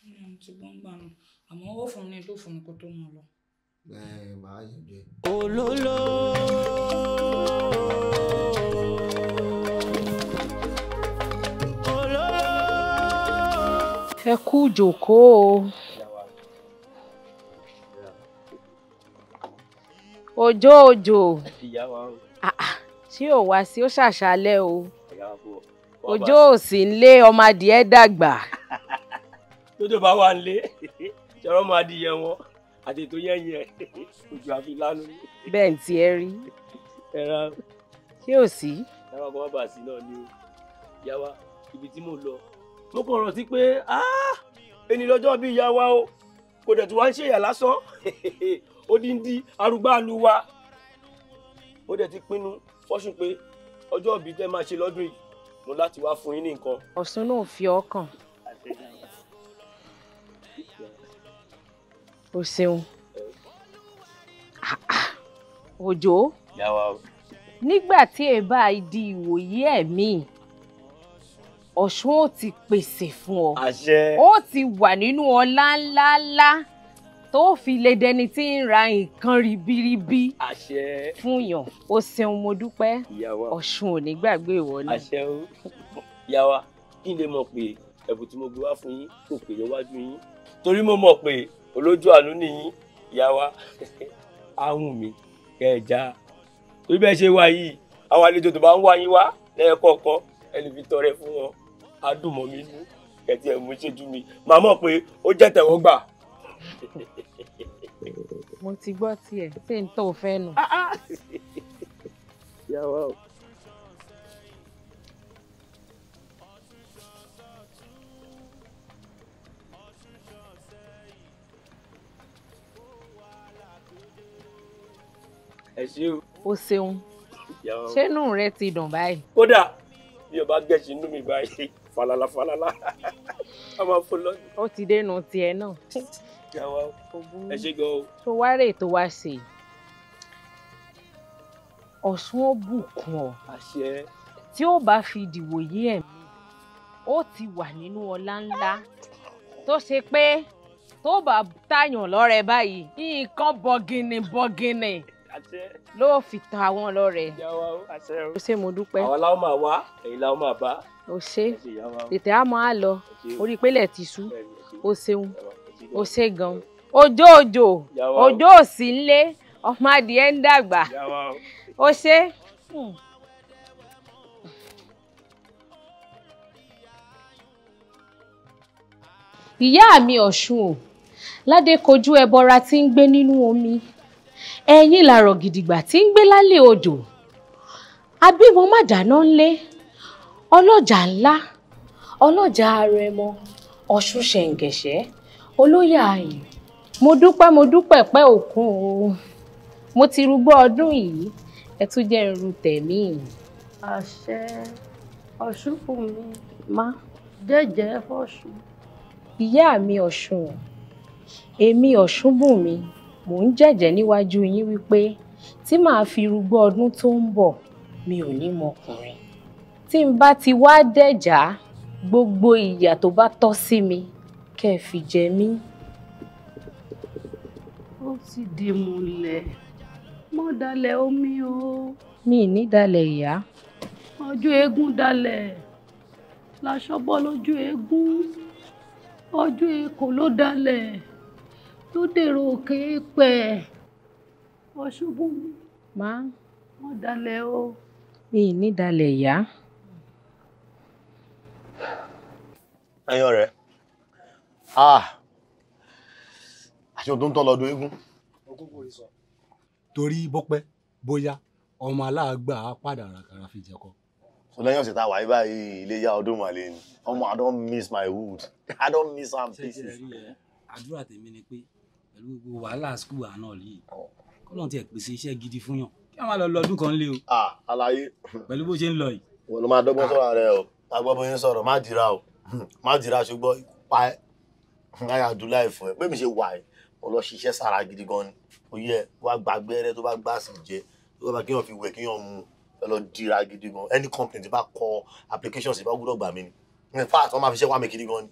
mi ò ti gbọ́n gbà nù àmọ́ ó fún mi tó fún mi kó tó mọ̀ lọ. ẹ máa yẹ jẹ. olólò. ẹ kú jòkóo òjò òjò tí ah, ah, ò wá sí ó ṣàṣàlẹ̀ o òjò ò sí nlé ọmọ adìẹ dàgbà. tójó bá wà nlé ṣọlá ọmọ adìyẹ wọn àti ètò yẹnyẹ òjò àfi lánàá. bẹ́ẹ̀ ni tiẹ̀ rí ṣé ò sí. ẹ̀rọ ọkọ̀ bàbà sí náà ni o yá wa ibi tí mò lọ mo kàn rántí pé ah, ẹni lọ́jọ́ bíi ìyá wa o kò dẹ̀ tí wàá ń ṣèyà lásán odindi arúgbáàlú wa mo dẹ̀ ti pinnu fọ́ṣù pé ọjọ́ ìbí tẹ́ máa ṣe lọ́dún yìí mo láti wá fún yín ní nǹkan. ọ̀sùn náà fi ọkàn. o ṣeun òjò nígbà tí èèbà di ìwòye ẹ̀mí. E ọ̀ṣun ó ti pèsè fún ọ ó ti wà nínú ọlá ńlá ńlá tó fi lè dẹni tí ń ra nǹkan ribiribi fún yàn ó ṣeun mo dúpẹ́ ọ̀ṣun ò ní gbàgbé ìwọ náà. yàwá kí n lè mọ̀ pé ẹ̀bùn tí mo gbé wá fún yín kò pè níwájú yín torí mo mọ̀ pé olójú àánú nìyí yàwá ahùn mi kẹ́ torí bẹ́ẹ̀ ṣe wá yìí àwọn àlejò tó bá ń wá yín wá lẹ́ẹ̀kọ̀ọ̀kan ẹni fi tọrẹ fún wọn adùnmọ̀ mi nú kẹ̀tì ẹ̀ mú ṣẹ́jú mi màá mọ̀ pé ó jẹ́ tẹ̀wọ́gbà. mo ti gbọ́ tiẹ̀ ṣé n tó fẹ́ nu. Ah, ah. yàrá o. ẹ ṣé o. o ṣeun ṣé inú rẹ ti dùn báyìí. kódà bí o bá gẹ̀ẹ́sì inú mi báyìí falala falala a máa fò lọ. ó ti dẹnu tiẹ̀ náà. yàwá ẹ ṣe gan o. tó wá rè tó wá ṣe ọ̀sùn ó bùkún ọ tí ó bá fi dìwò yí ẹ̀mí ó ti wà nínú ọlá ńlá tó ṣe pé tó bá tààyàn lọ́rẹ báyìí nǹkan bọ̀gìnì bọ̀gìnì ló fi tan àwọn lọ́rẹ. o ṣé mo dúpẹ́. àwọn làwọn máa wá èyí làwọn máa bá. o ṣé tètè á máa lọ orí pélé ti sú o ṣeun o ṣé gan Ojo ojo. òjò ọjọ́ òsì ńlé ọmọ adìẹ ń dàgbà o ṣé. Hmm. ìyá mi ọ̀ṣun o ládé kojú ẹbọra tí ń gbé nínú omi ẹ̀yin làrọ̀ gidigba tí ń gbé lálẹ́ odò abímọ má dáná ńlé ọlọ́jà ńlá ọlọ́jà arẹmọ ọ̀ṣun ṣẹ̀ǹgẹ̀ṣẹ́ olóyè ààyè mo dúpẹ́ mo dúpẹ́ pẹ́ òkun o mo ti rúgbọ́ ọdún yìí ẹ tún jẹ́ irun tẹ̀mí. àṣẹ ọ̀ṣun mi má jẹ́jẹ́ fọ́ṣun. ìyá mi ọ̀ṣun èmi ọ̀ṣunbùnmi mò ń jẹ̀jẹ̀ níwájú yín wípé tí màá fi rúgbọ́ ọdún tó ń bọ̀ mi ò ní mọkùnrin tí n bá ti wá dẹ̀já gbogbo ìyà tó bá tọ́ sí mi kẹ́ ẹ fi jẹ mí. ó ti di mulẹ̀ mọ́ dalẹ̀ omi o. mi ní dalẹ̀ ìyá. ọjọ́ eégún dalẹ̀ láṣọ bọ́ lójú eégún ọjọ́ èkó ló dalẹ̀. tó dèrò òkè pẹ wọ́n ṣubú mi. má. wọ́n dalẹ̀ o. mi ní dalẹ̀ ìyá. ẹ̀yin ọ̀rẹ́ ah. àti ọdún tó lọ́dún eégún. torí bọ́pẹ́ bóyá ọmọ aláàgbà padà fi lẹ́yìn ọ̀sẹ̀ tá a wà báyìí iléyà ọdún ọmọ i don miss my wood i don miss am pieces. pẹ̀lú gbogbo wàhálà skul àná yìí kọ́lọ́n ti ẹ̀ pèsè iṣẹ́ gidi fún yàn kí wọ́n máa lọ lọ́dún kan lé o. àlàyé pẹ̀lú bó ṣe ń lọ yìí. wọn ló máa dọ́gbọ́n sọ̀rọ̀ rẹ o agbọ́ bó ṣe ń sọ̀rọ̀ má dira o má dira ṣùgbọ́n pa ẹ́ láyà dúlá ẹ̀ fún ẹ pé mi ṣe wà ẹ́ mo lọ ṣiṣẹ́ sára gidi gan ni oyè ẹ wá gbàgbẹ́rẹ́ tó bá gbà sí jẹ tó bá kéèyàn fi wẹ̀ kéèyàn mu ẹ lọ dira gidi wọ́n máa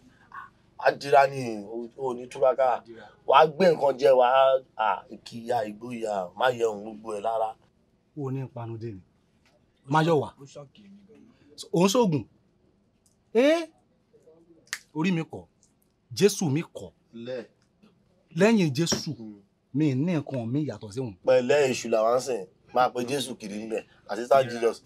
adira ni o ní túraká wàá gbé nǹkan jẹ wàá à ìkìyà ìgboyà má yẹ òun gbogbo ẹ lára. wo ní ìpanu dé ni máyọ̀wá òun ṣoògùn orí mi kọ jésù mi kọ lẹ́yìn jésù hmm. mi ní nǹkan mi yàtọ̀ sí òun. pẹ̀lẹ́ èṣù làwọn sìn máa pe jésù kiri níbẹ̀ àtìsá jesus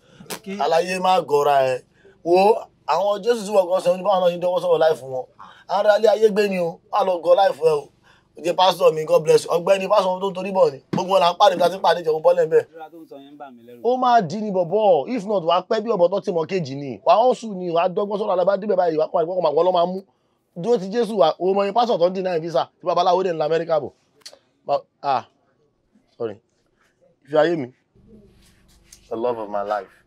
aláyé má gọra ẹ wo àwọn jésù tí wọn kàn sọ ní báwọn náà yín dọwọ́ sọ̀rọ̀ láì fún wọn ara ilé ayé gbé ni o wà lọ gọ láìfọ ẹ o ìdí pásítọ̀ mi god bless you ọ̀gbẹ́ni tó ń torí bọ̀ ni gbogbo ọ̀la ń pàdé bí a ti ń pàdé ìjọba bọ́lẹ̀ bẹ́ẹ̀. ó máa di ni bọ̀bọ̀ if not wàá pẹ́ bí ọ̀bọ̀ tó ti mọ̀ kejì ni wà á sùn ni wà dọ́gbọ́n sọ̀rọ̀ alábá débẹ̀ báyìí wà á pàdé pọ́kàn àwọn ọlọ́mọ amú dúró ti jésù wà ó mọ pásítọ̀ tó ń deny visa tí babaláwo dé ní lamẹ́ríkà bọ̀ the love of my life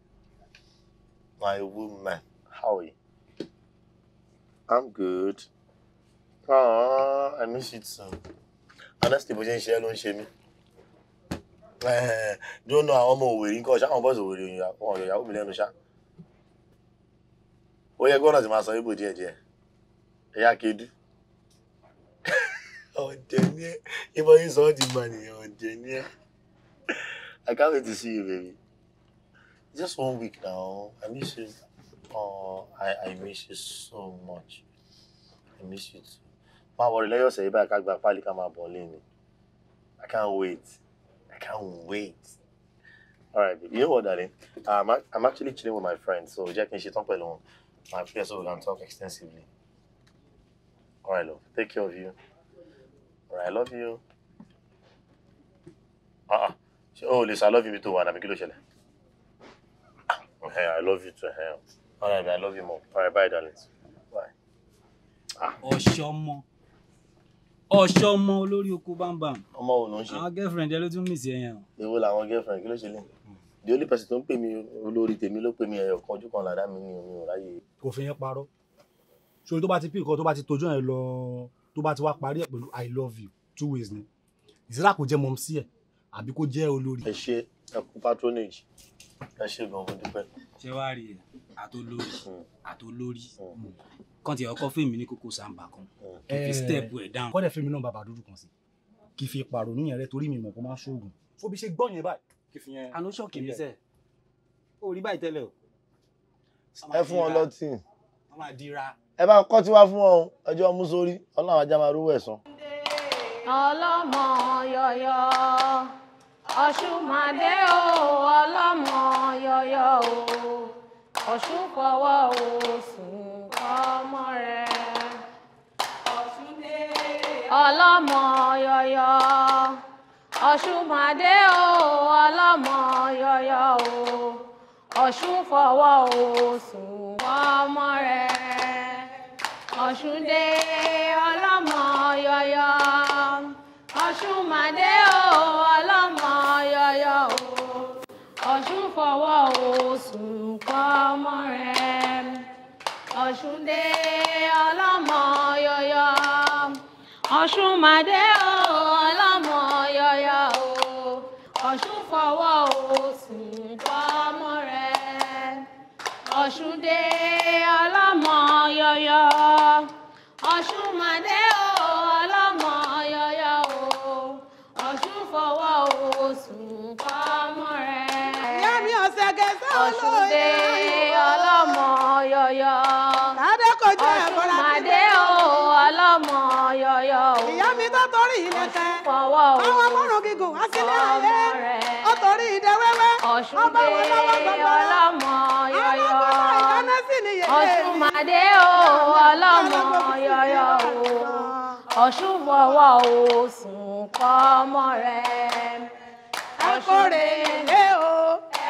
my woman how are you. I'm good. Aww, ah, I miss you too. Honestly, bó ṣe ń share ẹ́ ló ń eh, Don't know how ọmọ òwèrè nǹkan I'm àwọn bọ́ọ̀sì òwèrè Oh, you're ọ̀yọ̀ ìyàwó mi lẹ́nu Oh, you're going to ti máa sọ ibò díẹ̀díẹ̀. Ẹ̀yà kedú. Ọ̀jẹ̀ ni ẹ́. Ibọ̀ yín sọ ọ́ ti gbà nìyẹn ọ̀jẹ̀ ni I can't wait to see you, baby. Just one week now. I miss you. Oh, I, I miss you so much. I miss you too. Má wọrí lẹ́yìn ọ̀sẹ̀ yìí báyìí ká gba páálí ká máa bọ̀ léni. I can't wait. I can't wait. All right, baby. You know what, darling? I'm, I'm actually chilling with my friends, so jẹ́ kí n ṣe tán pẹ̀lú wọn. My friends so we can talk extensively. All right, love. Take care of you. All right, I love you. Uh-uh. Oh, Lisa, I love you too, and I'm going to I love you too. All right, I love you more. All right, bye, darling. Bye. Ah. Ọ̀ṣọ́mọ. Ọ̀ṣọ́mọ olórí oko bámbàm. Ọmọ wo ló ń ṣe? Àwọn girlfriend ẹ ló tún mìsí ẹyàn. Èwo làwọn girlfriend kí ló ṣe lè? The only person tó ń pè mí olórí tèmi ló pè mí ẹyọ kan ojú kan làdá mi ni omi ò ráyè. Kò fi yẹn parọ́. Ṣorí tó bá ti pín nǹkan tó bá ti tojú ẹ̀ lọ tó bá ti wá parí ẹ̀ pẹ̀lú I love you two ways ni. Ìsirà kò jẹ́ mọ̀ sí ẹ̀ àbí kó jẹ́ olórí. Ẹ ṣe ẹ kú patronage. Ẹ ṣe gan-an mo dúpẹ́ ṣé wàá rí ẹ àtolórí àtolórí hmm. hmm. kan ti ọkọ fèmí ní kókó sàǹbà kan hmm. kì í fi eh, stẹ́ẹ̀pù ẹ̀ dáhùn. kọ́dẹ̀ fèmí náà bàbá dúdú kan sí kì í fi pààrọ̀ níyẹn rẹ torí mi mọ̀ kó máa ṣoògùn fó bí ṣe gbọ́ yẹn báyìí kì í fi yẹn. àná ṣọ́ọ̀kì mi sẹ́ ò rí báyìí tẹ́lẹ̀ o. ẹ fún wọn lọtí. wọn ẹ bá kọ́ tí wá fún wọn ẹjọ́ mú sórí ọlọ́run ajá máa rówó ẹ̀san. ọlọ́mọ yọ̀yọ̀ ọ̀ṣùmàdé o ọlọ́mọ yọyọ o ọ̀ṣun fọwọ́ o sùn ọmọ rẹ ọlọ́mọ yọyọ ọ̀ṣùmàdé o ọlọ́mọ yọyọ o ọ̀ṣun o sùn ọmọ rẹ ọ̀ṣúndé ọlọ́mọ yọyọ o. fọwọ́ oṣùn kọ́ ọmọ rẹ̀ ọ̀ṣúndé ọlọ́mọ yọyọ o ọlọ́mọ yọyọ ọ̀ṣún fọwọ́ oṣùn kọ́ ọmọ rẹ̀ ọ̀ṣúndé ọlọ́mọ yọyọ ọ̀ṣúnmadé. aṣílẹ̀kẹ́ ọwọ́ mọ́rùn gígùn aṣílẹ̀ ayé ọtọ̀rí ìdẹ wẹ́wẹ́ ọba wọn lọ́wọ́ gbọ́gbọ́rọ́ ọlọ́mọ yọyọ ọ̀ṣunmàdé o ọlọ́mọ yọyọ o ọ̀ṣunmọ̀wọ́ o sùn kọ́ ọmọ rẹ̀ ọ̀ṣunmọ̀wọ́ o.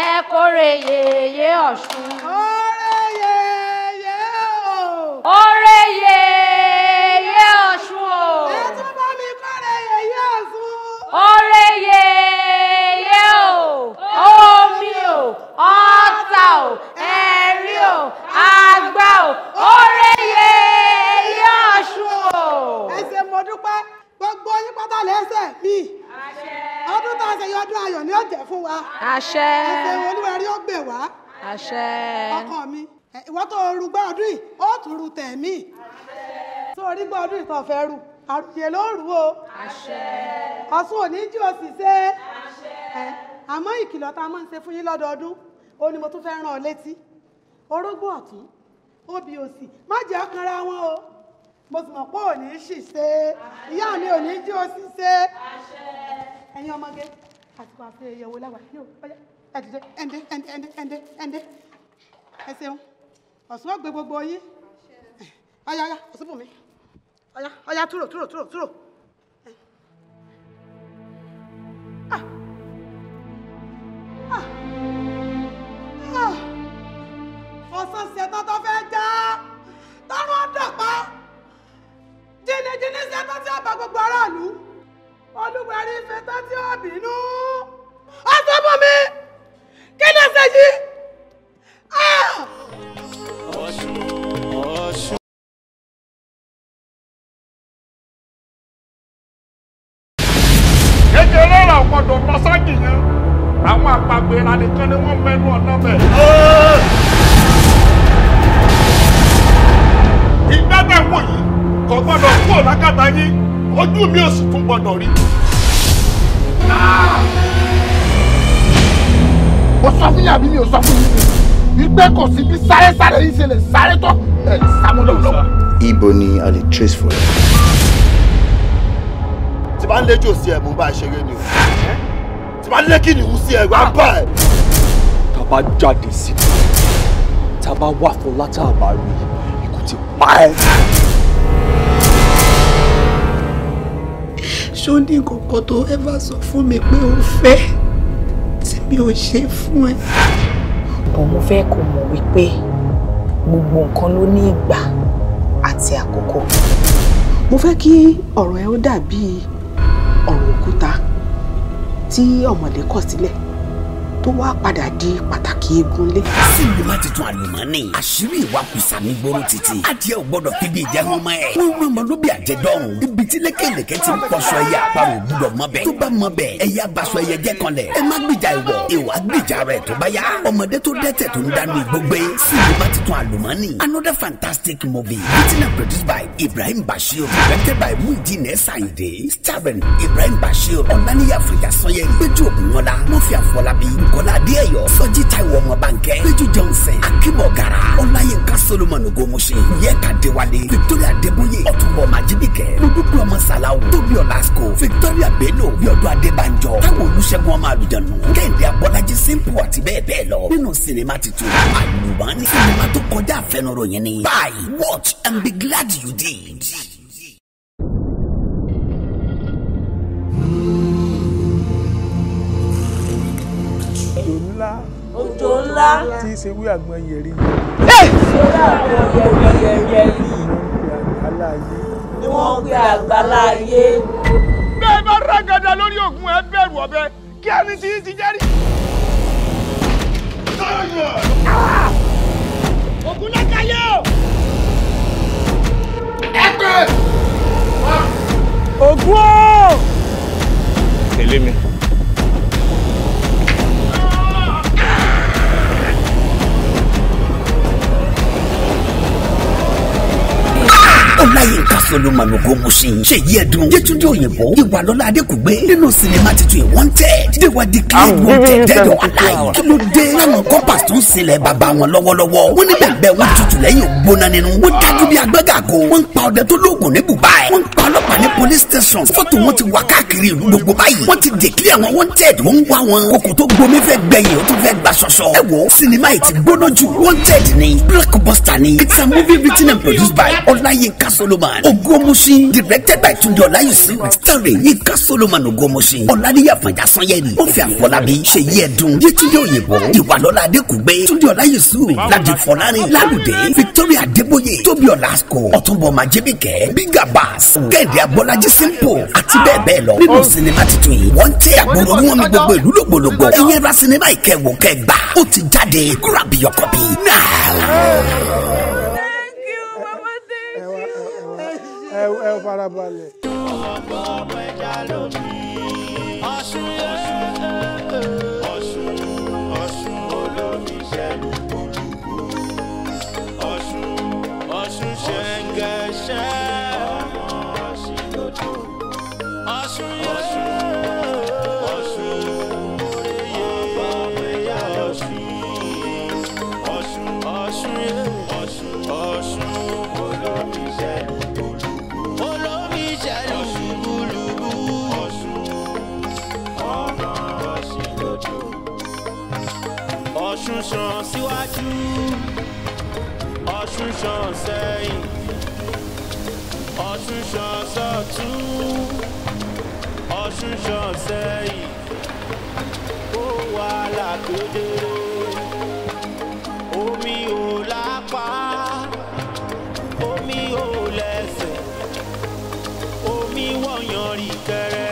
ẹ kórè yèyé ọ̀ṣun. kórè yèyé o. fẹ́ rù àrùjẹ ló rù o ọ̀sùn òní jí o sì ṣe àmọ́ ìkìlọ̀ tá a máa ń ṣe fún yín lọ́dọọdún ó ní mo tún fẹ́ ràn ọ́ létí orógbó ọ̀tún obì òsì má jẹ́ ọkànra wọn o mo sì mọ̀ pé ò ní ṣì ṣe ìyá mi ò ní jí o sì ṣe ẹ̀yin ọmọge àtìkọ àfi ẹ̀yẹ̀wò láwàá yóò ẹ dìde ẹ̀ǹdẹ́ ẹ̀ǹdẹ́ ẹ̀ǹdẹ́ ẹ̀ǹdẹ́ ẹ̀ǹdẹ́ ẹ ọ̀sùn ọ̀gbẹ́ gbogbo yín ọ̀yà ọ̀yà ọ̀sùn bùnmi. Ọya, ọya, túrò, túrò, túrò, túrò. Ọ̀sán ṣetán tó fẹ́ já, tọ́rọ dọ̀pá. Jìnnìjìnnì ṣetán tí ó gbogbo aráàlú. Olúwẹ̀rí fetán tí ó bínú. bọ̀ mi, kí ló ṣe yìí? Ah! Ọ̀ṣun. èdè rárá ọ̀pọ̀dọ̀ pàṣágì yẹn àwọn àpagbèrà nìkan ni wọ́n mẹ́nu ọ̀nà bẹ̀. ìgbà dàgbò yìí kò gbọ́dọ̀ kúrò lákàtà yín ojú mi ò sì tún gbọ́dọ̀ rí. mo sọ fún yàrá mi ò sọ fún yín wípé kò sí bí sáré sáré yìí ṣe lè sáré tó ẹ̀ sámúlò lọ. ibo ni a lè trace for you tí bá ń lé jò sí ẹ mo bá ṣeré ni o tí bá ń lé kìnìún sí ẹ wá bá ẹ. tá a bá jáde síta tá a bá wà fún látàbárí ikú ti pa ẹ. ṣó ní kòkó tó ever sọ fún mi pé o fẹ́ tí mi ò ṣe fún ẹ. òun fẹ́ kó mọ̀ wípé gbogbo nǹkan ló ní ìgbà àti àkókò. mo fẹ́ kí ọ̀rọ̀ ẹ ó dàbí ọ̀rọ̀ òkúta tí ọ̀mọ̀lé kọ̀ sílẹ̀ tó wá padà di pàtàkì kì í gunlé. síbi má ti tún àlùmọ́ọ́nì àṣírí ìwakùsà ní gbóró títì adìẹ ò gbọdọ̀ fi bí ìjẹun mọ́ ẹ̀. wọ́n rán ọmọ lóbi àjẹdọ́rùn ibi tí lẹ́kẹ̀lẹ́kẹ̀ ti ń pọṣọ ẹyẹ àparò gbúdọ̀ mọ́ bẹ́ẹ̀. tó bá mọ́ bẹ́ẹ̀ ẹyẹ abaṣọ ẹyẹ jẹ́ kanlẹ̀ ẹ má gbìjà ìwọ̀ ìwà gbìjà rẹ̀ tó bá yá. ọmọdé tó dẹ́tẹ̀ tó ń dánú igbó gbé síbi má ti tún àlùmọ́ọ́nì. another fantastic movie written and produced by Ibrahim Bashir directed by Muideen Sayinde starring Ibrahim Bashir ọ̀lànìyà fìjà sọ́yẹ́ gbẹ́jú ògùn wọn la mọ́fì àfọlábí kọ́lá adéyẹyọ sọ́jí táìwọ̀ ọmọ bànkẹ́ péjú johnson akíbọ̀ gara ọláyínká solomon gomusin yẹ́ka déwálé victoria adébóyè ọ̀túnbọ̀ majibike lódúkú ọmọ salawu tóbi ọ̀làsíkò victoria bello yọ̀dọ̀ adébánjọ táwọn olùṣègùn ọmọ àlùjọ̀nù kẹ́hìndé abọ́lájí simple àti bẹ́ẹ̀ bẹ́ẹ̀ lọ nínú sinimá titun àlùbọ́n sinimá tó kọjá àfẹnuròyìn ni buy watch and be glad you did. ńlá òjò ńlá tí í ṣe wí àgbọn yẹrí ni wọ́n ń pe àgbàlá ayé. bẹ́ẹ̀ bá rágàdà lórí ògùn ẹ bẹ̀rù ọ̀bẹ kí ẹni tí ti jẹ́rì. ògùn náà káyé o. ẹ pé. ògùn o. tẹ̀lé mi. ọláyínká solomoni ogunwusi ṣèyí ẹdun yẹtúndé òyìnbó ìwàlọ́lá adékùgbé nínú sinimá titun ìwọ́ntẹ́ they were declared oh, wanted dead or alive kí ló dé láwọn kọ́pàs tó ń silẹ̀ bàbá wọn lọ́wọ́lọ́wọ́ wọ́n ní bẹ̀bẹ̀ wọ́n tutù lẹ́yìn ògbóná nínú wọ́n dájú bí agbẹ́gàgo wọ́n ń pa ọdẹ tó lóògùn ní bùbá ẹ̀ wọ́n ń pa ọlọ́pàá ní police station fọ́tò wọn ti wà káàkiri ìlú gbogbo báyìí wọ́n ti declare wọn wanted wọ́n ń wá wọn kòkò tó gbomi fẹ́ gbẹ̀yìn ó tún fẹ́ gbà sọ̀sọ̀ ẹ wo sinimá yìí ti gbóná wanted ni blockbuster ni it's a movie written and produced by ọláyínká solomon ogomusi directed by tunde ọláyùsí starring yinka solomon ogomusi ọládìyà fàjà sanyẹri ó fi àfọlábí ṣèyí ẹdùn yétúndé òyìnbó ìwàlọ́lá adékùgbé túndé ọláyùsí Ladi fọlárin lálùdé victoria adébóyè tóbi ọlásùkò ọ̀túnbọ̀ májèbíkẹ́ bíga bass kẹ́hìndé agbọ́lájí simple àti bẹ́ẹ̀ bẹ́ẹ̀ lọ nínú oh. sinimá tuntun yìí wọ́n tẹ àgbọ̀rọ̀ wọn mi gbogbo ìlú lògbòlògbò ẹ̀yẹ́ra sinimá ìkẹwò kẹgbà ó ti jáde grab your copy now. ẹ farabalẹ̀. ọ̀pọ̀ ọmọ ẹja lómi ọ̀sùn ọ̀sùn ọ̀sùn olómi ṣẹ́lú ọ̀ṣun ṣàn síwájú ọ̀ṣun ṣàn sẹ́yìn ọ̀ṣun ṣàn sọ̀tún ọ̀ṣun ṣàn sẹ́yìn ó wà lágbèdè omi ò lápá omi ò lẹ́sẹ̀ omi wọ̀nyàn rí kẹrẹ.